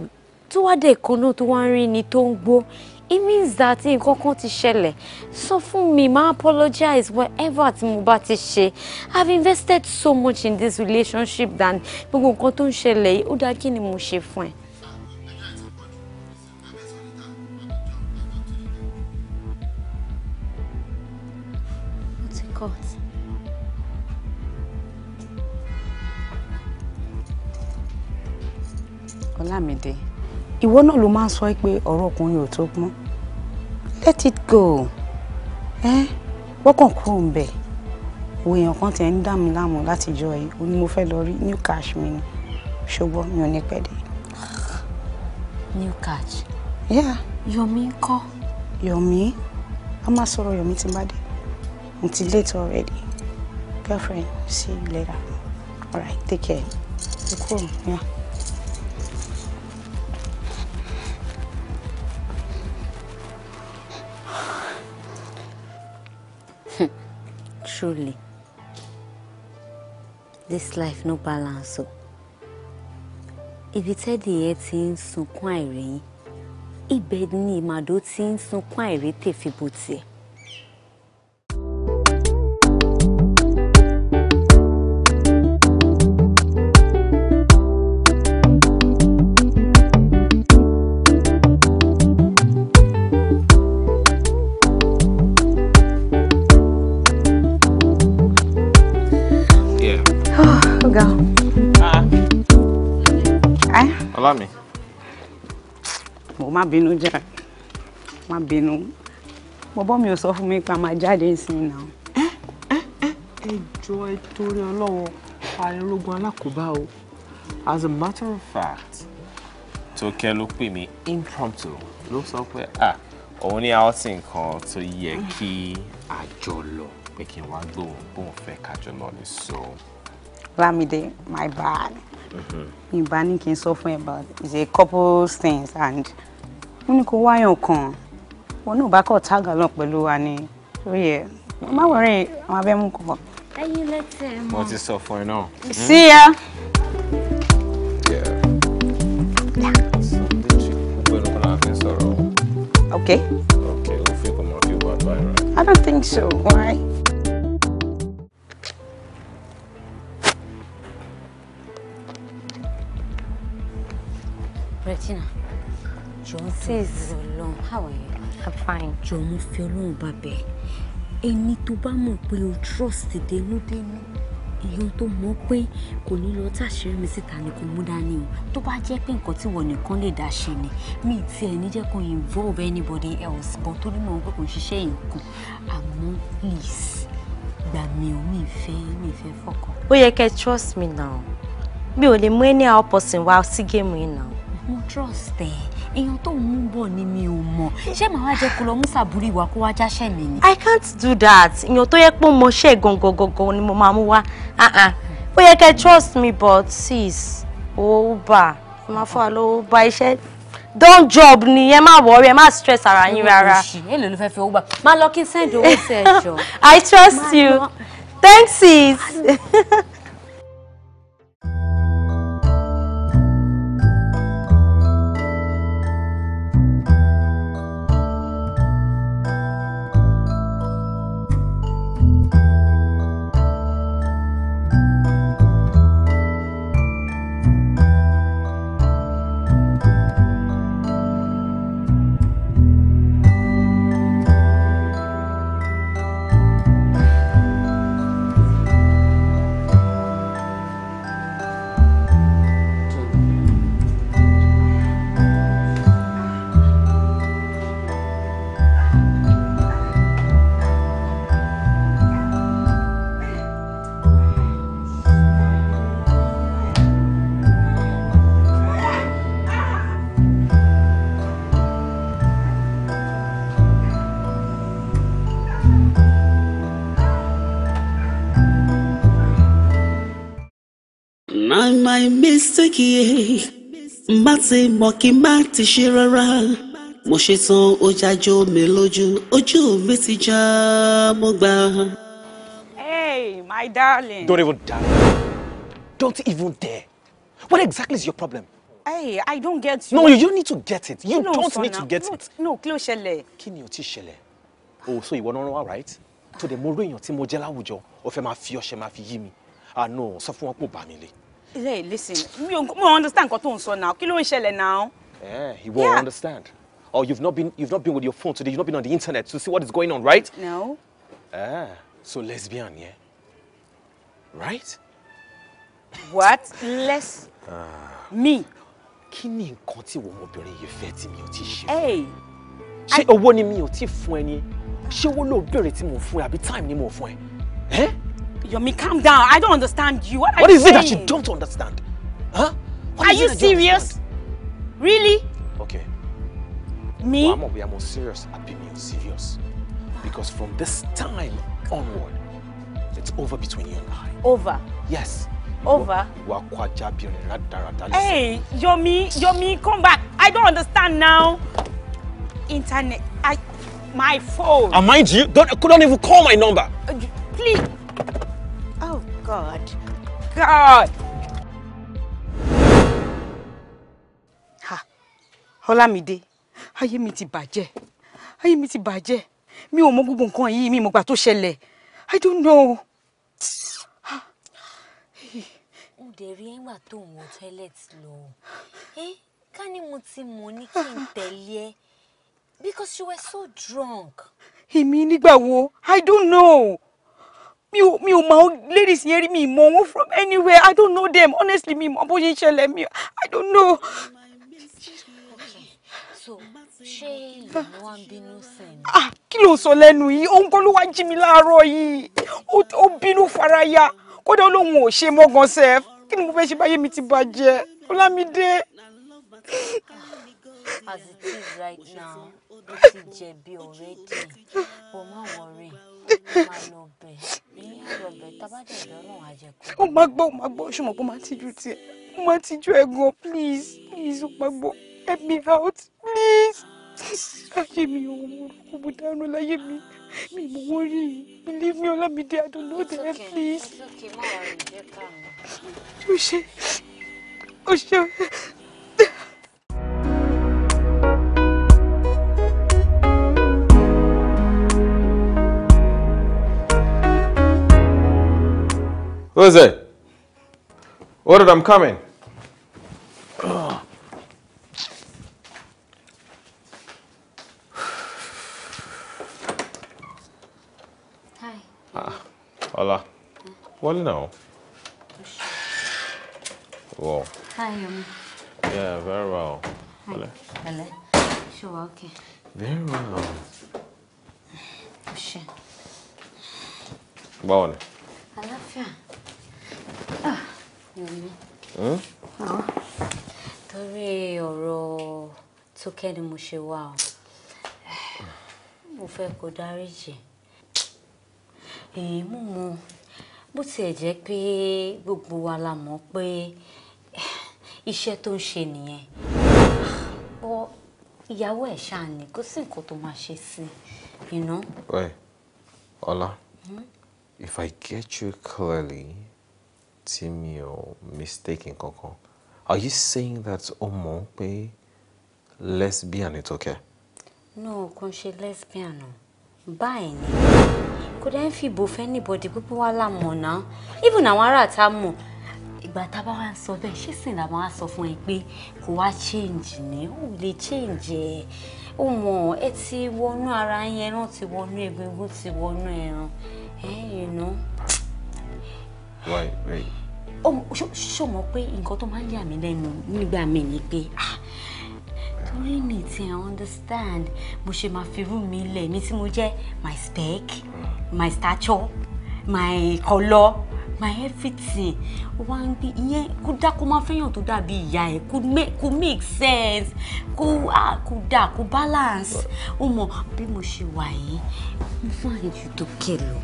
Speaker 3: tó wá dé kan náà tó wá ń rí ni tó ń gbó it means that nǹkan kan ti ṣẹlẹ̀ sọ fún mi máa apologize wherever ati mo bá ti ṣe I've invested so much in this relationship than gbogbo nǹkan tó ń ṣẹlẹ̀ yìí ó dáa kí ni mo ṣe fún ẹ. God.
Speaker 7: Olamide ìwọ náà ló máa ń sọ pé ọ̀rọ̀ ọkùnrin ò tó pọ́n let it go wọ́kàn kúrò ń bẹ̀ wo èèyàn kan tiẹ̀ ń dà mí láàmú látijọ́ yìí ó ní mo fẹ́ lọ rí new cash mi ni ṣùgbọ́n mi ò ní pẹ́ dé.
Speaker 3: new cash. yeah. yomi ńkọ́.
Speaker 7: yomi a máa sọ̀rọ̀ yomi tí n bá dé mo ti late already girlfriend see you later Alright, take care. Cool. Yeah.
Speaker 3: truly this life no balance o ibi tẹ́dì yẹn ti ń sunkún àìrèyìn ibẹ̀ ni ìmàdó ti ń sunkún àìrètè fìbò tiẹ̀
Speaker 7: má bínú jàre má bínú bọ́bọ́ mi ò sọ fún mi pé a máa jáde ìsìn náà.
Speaker 6: ẹ jọ ẹ torí ọlọ́wọ́ àìrógun alákòóbá o as a matter
Speaker 4: of fact tókẹ́ ló pè mí impromptu ló sọ pé ah òun ní outing kan tó yẹ kí àjọ lọ pé kí n wá gbóhùn bóun fẹ́ kájọ lọ ní so.
Speaker 7: Lamide my bad mm-hmm. mi bá ní kí n sọ fún ẹ but it's a couple things and wọ́n ní kó wáyàn kan òun náà bá kọ̀ táàgà lọ pẹ̀lú wa ni lórí ẹ̀ má wọ̀rẹ́ àwọn abẹ́mú kọ̀.
Speaker 3: ẹyin lẹ́tẹ̀
Speaker 4: mọ́. mo ti sọ fún ẹ náà. sí ya. Okay. Okay,
Speaker 7: I don't think so. Why?
Speaker 3: Retina sis. How are you? I'm fine. John, mo fi Ọlọ́run bá bẹ̀. Ẹni tó bá mọ̀ pé o trust dénúdénú. Ìyẹn tó mọ̀ pé kò ní lọ táṣírí mi síta ni kò mú dání o. Tó bá jẹ́ pé nǹkan tí wọ́n nìkan lè dá ṣe ni. Mi ti ẹ̀ ní jẹ́ kó involve anybody else but tó ní mọ̀ pé kò ń ṣiṣẹ́ ìyókùn. Àmọ́ please gbà mí o mi fẹ́ mi fẹ́ fọkàn. Ó yẹ kẹ́ trust me now. Mi ò lè mú any how person wá sí géèmù yìí now. Mo trust ẹ̀. Eh èèyàn tó mú bọ̀ ni mi ò mọ̀ ṣé màá wá jẹ́ kó lọ mú sàbúrì ìwà kó wá jáṣẹ́ mi ni. I can't do that èèyàn tó yẹ pé mo ṣe gangan gangan ni mo máa mú wá ó yẹ kẹ́ trust me but sis owó bá ẹ máa fún wa lówó bá iṣẹ́ don job ni ẹ má worry ẹ má stress ara yín rárá. èlò ló fẹ́ fi owó gbà máa lọ kí n send owó sí ẹjọ́. I trust you thanks sis.
Speaker 1: na my mistake yẹ má ti mọ̀ kí má ti ṣe rárá mo ṣe tán ó mi lójú ojú mi ti já mo gbà.
Speaker 7: hey my darling. don't
Speaker 1: even dare
Speaker 6: don't even dare what exactly is your problem.
Speaker 7: Hey, I don't get you. No, you, don't
Speaker 6: need to get it. You no, don't Sona. need to get no, it.
Speaker 7: No, kí ló ṣẹlẹ̀.
Speaker 6: Kí ni ó ti ṣẹlẹ̀? Oh, so ìwọ náà wà right? Tó dẹ̀ mo rí èèyàn tí mo jẹ́ láwùjọ, ó fẹ́ máa fi ọṣẹ máa fi yí mi. Ah no, sọ fún wọn pò bá mi lé.
Speaker 7: Hey, listen You understand what tó ń sọ náà kí ló ń ṣẹlẹ̀ náà.
Speaker 6: ẹ ìwọ understand Oh, you've not been you've not been with your phone today you've not been on the internet to see what is going on right. no. Ah, so lesbian yeah? right. what less ah. me. Kini ni nǹkan tí ìwọ ọmọbìnrin yìí fẹ́ mi ò ti ṣe. ṣé owó ni mi ò ti fún ẹ ni ṣé owó ló béèrè tí mo fún ẹ time ni mo fún ẹ. Eh? Yomi, calm down. I don't understand you. What, what you is saying? it that you don't understand? Huh? What are
Speaker 7: you serious?
Speaker 6: Really? Okay. Me? Well, I'm, a, I'm a serious. I'm being serious. Because from this time onward, it's over between you and I. Over? Yes. Over? Hey,
Speaker 7: Yomi, Yomi, come back. I don't understand now. Internet. I, my phone.
Speaker 6: And mind you, don't, I couldn't even call my number.
Speaker 7: Uh, please. God. God! Ha! Ọlámidé, ayé mi ti bàjẹ́. Ayé mi ti bàjẹ́. Mi ò mọ gbogbo nǹkan yìí, mi ò mọ gbà tó ṣẹlẹ̀. I don't know.
Speaker 3: Ha. Ó dẹ̀ rí ẹ̀ngbà tó ń wọ toilet Eh? Ká ní mo ti mọ̀ ní kí n tẹ̀lé because you were so drunk.
Speaker 7: Èmi nígbà wo? I don't know mi ò mi ò mọ àwọn ladies yẹn rí mi mọ wọn from anywhere i don't know them honestly mi mọ bó ṣe mi i don't know.
Speaker 3: ṣé
Speaker 7: ah, kí ló sọ lẹ́nu yìí òun kọ́ ló wá jí mi láàárọ̀ yìí ó bínú faraya kódà olóhùn ò ṣe mọ́gàn sef kí ni mo fẹ́ ṣe báyé mi ti bàjẹ́
Speaker 3: Ọlámídé. as it is right now ó ti jẹ̀bi already but má worry
Speaker 7: ó máa gbọ́ ó máa gbọ́ ṣé mo pé ó máa tijú tiẹ̀ ó máa tijú ẹ̀gàn please please ó máa gbọ́ help me out please láyé mi ò mo mo dáná láyé mi mi mo wọ́n rí i believe me Olamide I don't know them please. ó ṣe ó ṣe.
Speaker 4: Who's it? What did I'm coming? Hi. Ah, hola. Hi. Well, no. Whoa. Hi, um. Yeah, very well. Hi. Hello.
Speaker 3: Hola. Sure, okay.
Speaker 4: Very well. Oh, shit. Báwo ni? Àlàáfíà.
Speaker 3: torí ọ̀rọ̀ tókẹ́ ni mo ṣe wá o mo fẹ́ kó dáríjì èyí mú mu bó tiẹ̀ jẹ́ pé gbogbo wa la mọ̀ pé iṣẹ́ tó ń ṣe nìyẹn bọ́ ìyàwó ẹ̀ ṣáà ni kò sí nǹkan tó máa ṣe sí i.
Speaker 4: ọ̀la hmm? if I get you clearly tí mi ò mistake nkankan. Are you saying that o mọ̀ pé lesbian ni Tókẹ́?
Speaker 3: No, kò ń ṣe lesbian o. Báyìí ni. Kò dẹ́ ń fìbò fẹ́ anybody púpọ̀ wá lámọ̀ náà. Even àwọn ará àta mọ̀. Ìgbà tá a bá wá ń sọ bẹ́ẹ̀, ṣé sìn làwọn á sọ fún ẹ pé kò wá change ni? Ó lè change ẹ̀ ó mọ ẹ ti wọnú ara yín ẹran ti wọnú egungun ti wọnú ẹran ẹ yìí nù. why wait ṣó mọ̀ pé nǹkan tó máa ń yà mí lẹ́nu nígbà mi ni pé ah, torí mi ti understand mo ṣe máa fi room mi lẹ̀ mi tí mo jẹ́ my spec my stature my color, my everything wá ń gbé ìyẹn kó dá kó máa fẹ́yàn tó dàbí ìyá ẹ̀ kó make sense kó ah, kó dá kó balance ó mọ bí mo ṣe wà yìí mo fún àyè ju tó kẹ lọ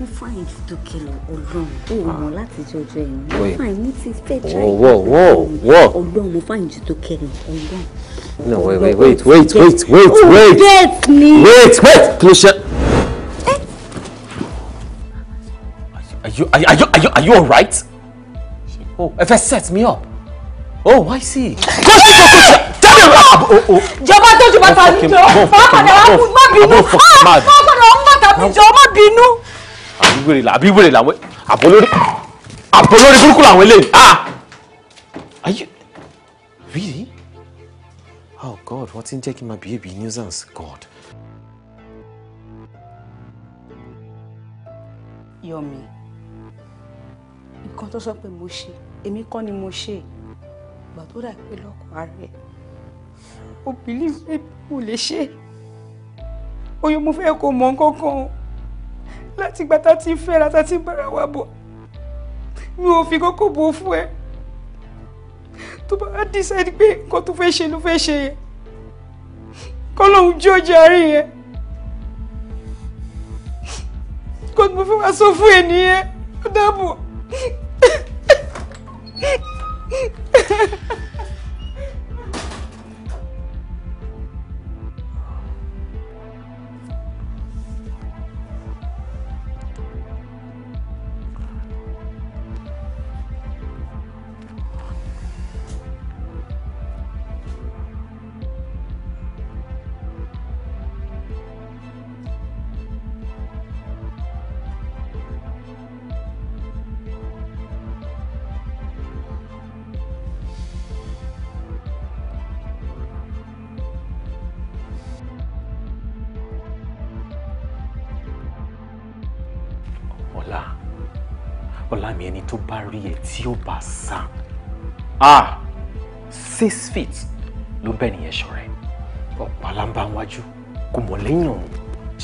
Speaker 3: mo fàyìn ju tó kìlọ ọlọ́run ó mọ ah. láti jọjọ ẹ̀yìn mo fàyìn mo ti fẹ́ jà oh, ìgbà ọlọ́run mo fàyìn ju tó kìlọ ọlọ́run. no wait wait wait wait wait wait oh, wait wait
Speaker 6: wait
Speaker 4: wait kí ló eh?
Speaker 6: Are you, are, you, are, you, are, you, are you all right? Oh, if I set me up. Oh, I see. Go see for picture. Tell me what. Oh, oh. Jọba tó jọba ta ni jọ. Oh, oh, ah, má padà wá kú, má bínú. Má padà
Speaker 7: wá má ta mi jọ, má bínú
Speaker 6: àbíwèrè là àbíwèrè làwọn àbólórí àbólórí burúkú làwọn eléyìí ah are you
Speaker 4: really oh god wọ́n ti ń jẹ́ kí n máa bìí bìí nuisance god.
Speaker 7: Yọ̀mí nǹkan tó sọ pé mo ṣe èmi kọ́ ni mo ṣe ìgbà tó dà pé lọ́kàn ara ẹ̀ ó bìlí pé mo lè ṣe oyún mo fẹ́ kó mọ nǹkan kan láti ìgbà tá a ti fẹ́ra tá a ti bára wa bọ̀ mi ò fi kókó bò fún ẹ tó bá dísẹ́ẹ̀dì pé nǹkan tó fẹ́ ṣe ló fẹ́ ṣe yẹn kọ́ lóun jẹ́ ọjà rí yẹn kó mo fẹ́ wá sọ fún ẹ nìyẹn ó dáàbò.
Speaker 6: bá rí ẹ tí ó bá sá ah six feet ló bẹ́ẹ̀ nìyẹn ṣọ̀rẹ́ ọ̀pá lámbá wájú kò mọ̀ lẹ́yìn ọ̀hún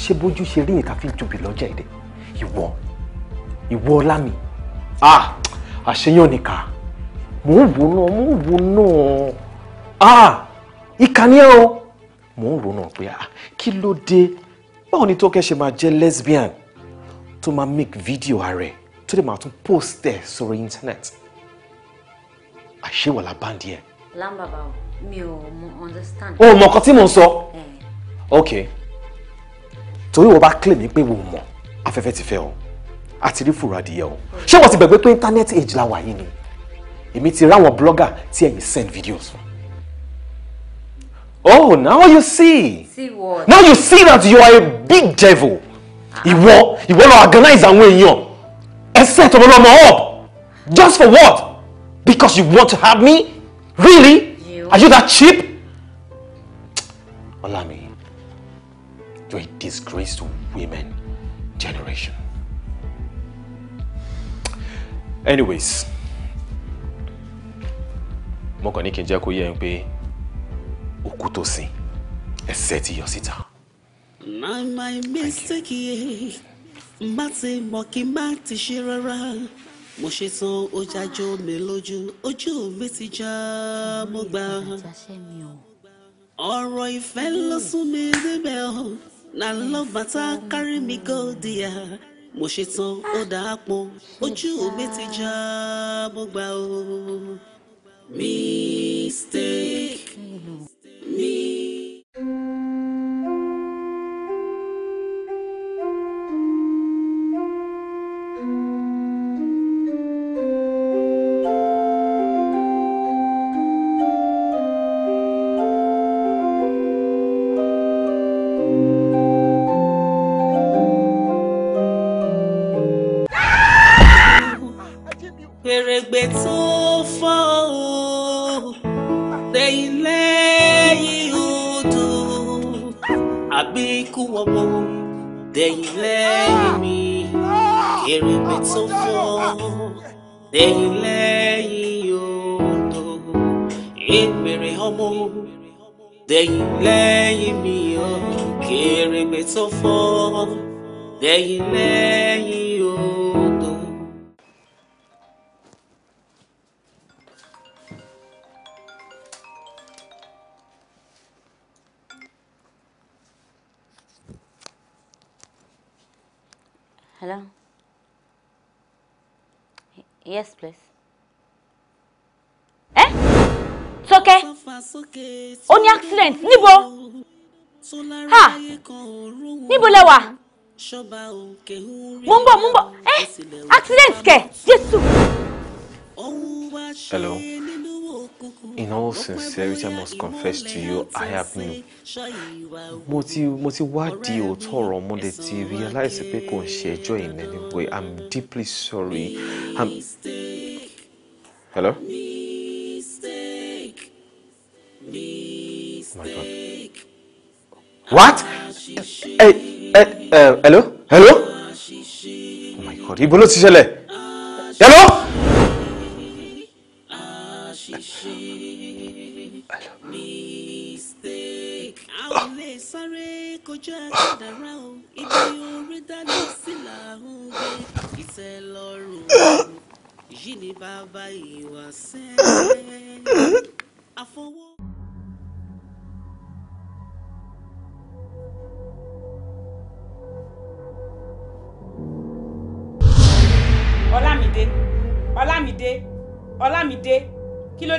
Speaker 6: ṣé bójú ṣe rí ìta fi jùbì lọ́jà èdè ìwọ ìwọ ọlá mi ah àṣeyàn nìka mò ń wò náà mò ń wò náà ah ìkànnì ẹ̀ o mò ń wò náà pé ah kí ló dé báwo ni Tókẹ́ ṣe máa jẹ́ lesbian tó máa make video ara ẹ̀ tó dẹ̀ máa tún post there, sorry, internet àṣewọ̀lá báńdì ẹ̀.
Speaker 3: lámbàbà mi ò mọ understand. o mọ nǹkan tí mò ń sọ. Eh.
Speaker 6: ok torí wọ́n bá claim pé wò mọ̀ afẹ́fẹ́ ti fẹ́ o àti rí fùrọ̀ adìyẹ o ṣé wọ́n ti gbàgbé pé internet age la wà yìí ni èmi ti ráwọn blogger tí ẹ̀yin send videos Oh, now you see.
Speaker 3: See what? Now you
Speaker 6: see that you are a big devil. Ah. Ìwọ, ìwọ ló organize àwọn èèyàn ẹ set ọmọlọmọ up just for what because you want to have me really you. are you that cheap Olami you're a disgrace to women generation anyways Mokani kàn ní kí n jẹ́ kó yé ẹ pé òkú
Speaker 1: my my mistake n bá ti mọ̀ kí n bá ti ṣe rárá mo ṣe tán ó jájọ́ mi lójú ojú mi ti já mo gbà. ọ̀rọ̀ ìfẹ́ ló sún mi níbẹ̀ o na love matter carry me go dear mo ṣe tán ó dáa pọn ojú mi ti já mo gbà o. mistake me. dẹ̀yìn lẹ́yìn mi kèrègbè tó fọ́ dẹ̀yìn lẹ́yìn odò ìpèrè ọmọ dẹ̀yìn lẹ́yìn mi o kèrègbè tó fọ́ dẹ̀yìn lẹ́yìn o.
Speaker 3: Hello? Yes, please.
Speaker 7: Eh? It's okay. Only accident Nibo. Ha! Nibo lewa. Mumbo, mumbo. Eh? Accident
Speaker 3: kẹ̀! Jésù!
Speaker 6: Hello?
Speaker 1: in
Speaker 4: all sincerity i must confess to you i have been mo ti mo ti wádìí òótọ́ ọ̀rọ̀ mo dẹ̀ ti realize pé kò ń ṣe ẹjọ́ in any way i'm deeply sorry i'm hello.
Speaker 1: Oh my God.
Speaker 4: what
Speaker 5: eh, eh, eh, hello hello oh my God ibo ló ti ṣẹlẹ̀.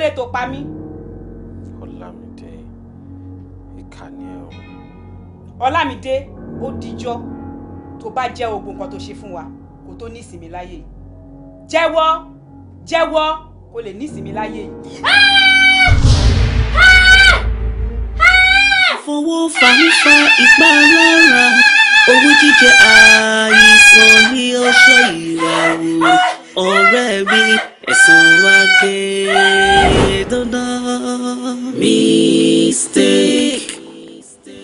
Speaker 7: lóde tó pa mí.
Speaker 6: Ọlámidé ìkà ni ẹ o.
Speaker 7: Ọlámidé ó dijọ́ tó bá jẹ́ ogun nǹkan tó ṣe fún wa kó tó ní ìsinmi láyé jẹ́wọ́ jẹ́wọ́ kó lè ní ìsinmi láyé yìí.
Speaker 1: fowó ipá lára owó jíjẹ àìsàn ní ọṣọ ìràwọ̀ ọ̀rẹ́ mi ẹ̀sùn wa gbé dandan. mistake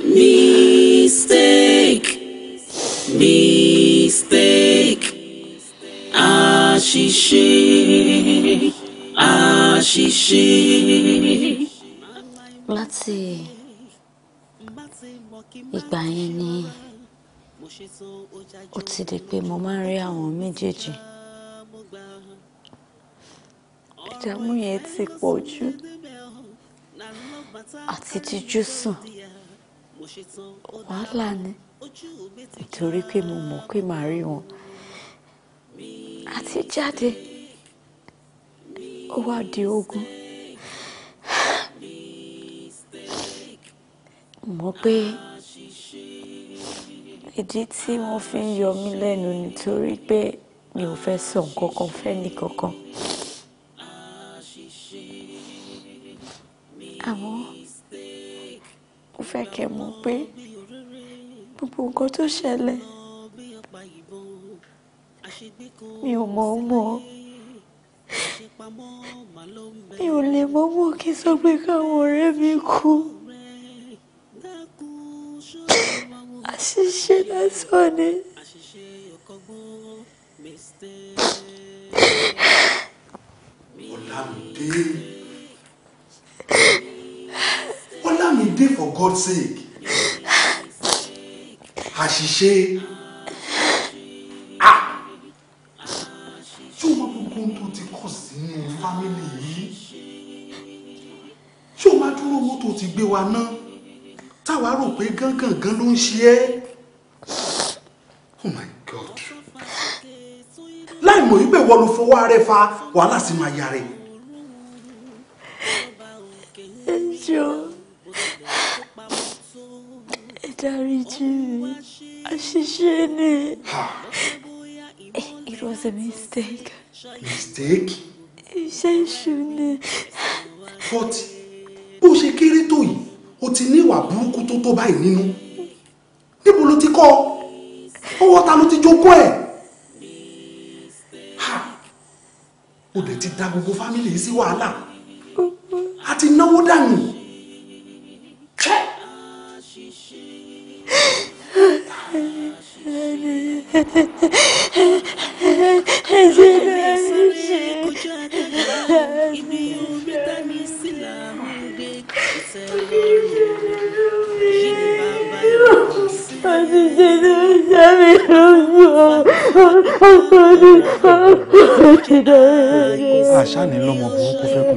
Speaker 1: mistake mistake àṣìṣe àṣìṣe.
Speaker 3: láti ìgbà yẹn ni ó ti di pé mo máa ń rí àwọn méjèèjì ìdààmú yẹn ti pọ̀ jù
Speaker 1: àti jíjú sùn wàhálà ni nítorí pé mo mọ̀ pé
Speaker 3: màá rí wọn
Speaker 7: àti jáde ó wá di ogun
Speaker 3: mọ̀ pé ìdí tí wọ́n fi ń yọ mí lẹ́nu nítorí pé mi ò fẹ́ sọ nǹkan kan fẹ́ nìkankan.
Speaker 7: àmọ́ mo fẹ́ kẹ́ mọ̀ pé gbogbo nǹkan tó ṣẹlẹ̀ mi ò
Speaker 3: mọ̀ ọ́ mọ̀ ọ́ mi ò lè mọ́mọ́ kí sọ pé káwọn ọ̀rẹ́ mi kú àṣìṣe lásán ni.
Speaker 6: Ọlámídé plan a for God's sake àṣìṣe à ah! ṣé o máa gbogbo ohun tó ti kọ̀ sínú fámìlì yìí ṣé o máa dúró owó tó ti gbé wa ná táwa rò pé gángan ló ń ṣe é oh my god láì mọ̀ wípé wọ́n ló fọwọ́ rẹ fa wàhálà sí máa yára ẹ̀. ẹ ṣeun dáríjì
Speaker 3: àṣìṣe ni eh, it was a mistake.
Speaker 6: mistake.
Speaker 3: iṣẹ́ ìṣù ni.
Speaker 6: but bó ṣe kéré tó yìí o ti ní ìwà burúkú tó tó báyìí nínú níbo ló ti kọ́ ọwọ́ ta ló ti jogún ẹ̀ o dẹ̀ ti da gbogbo fámìlì sí wàhálà a ti náwó
Speaker 1: àṣà ni lọ́mọ burúkú fẹ́ kú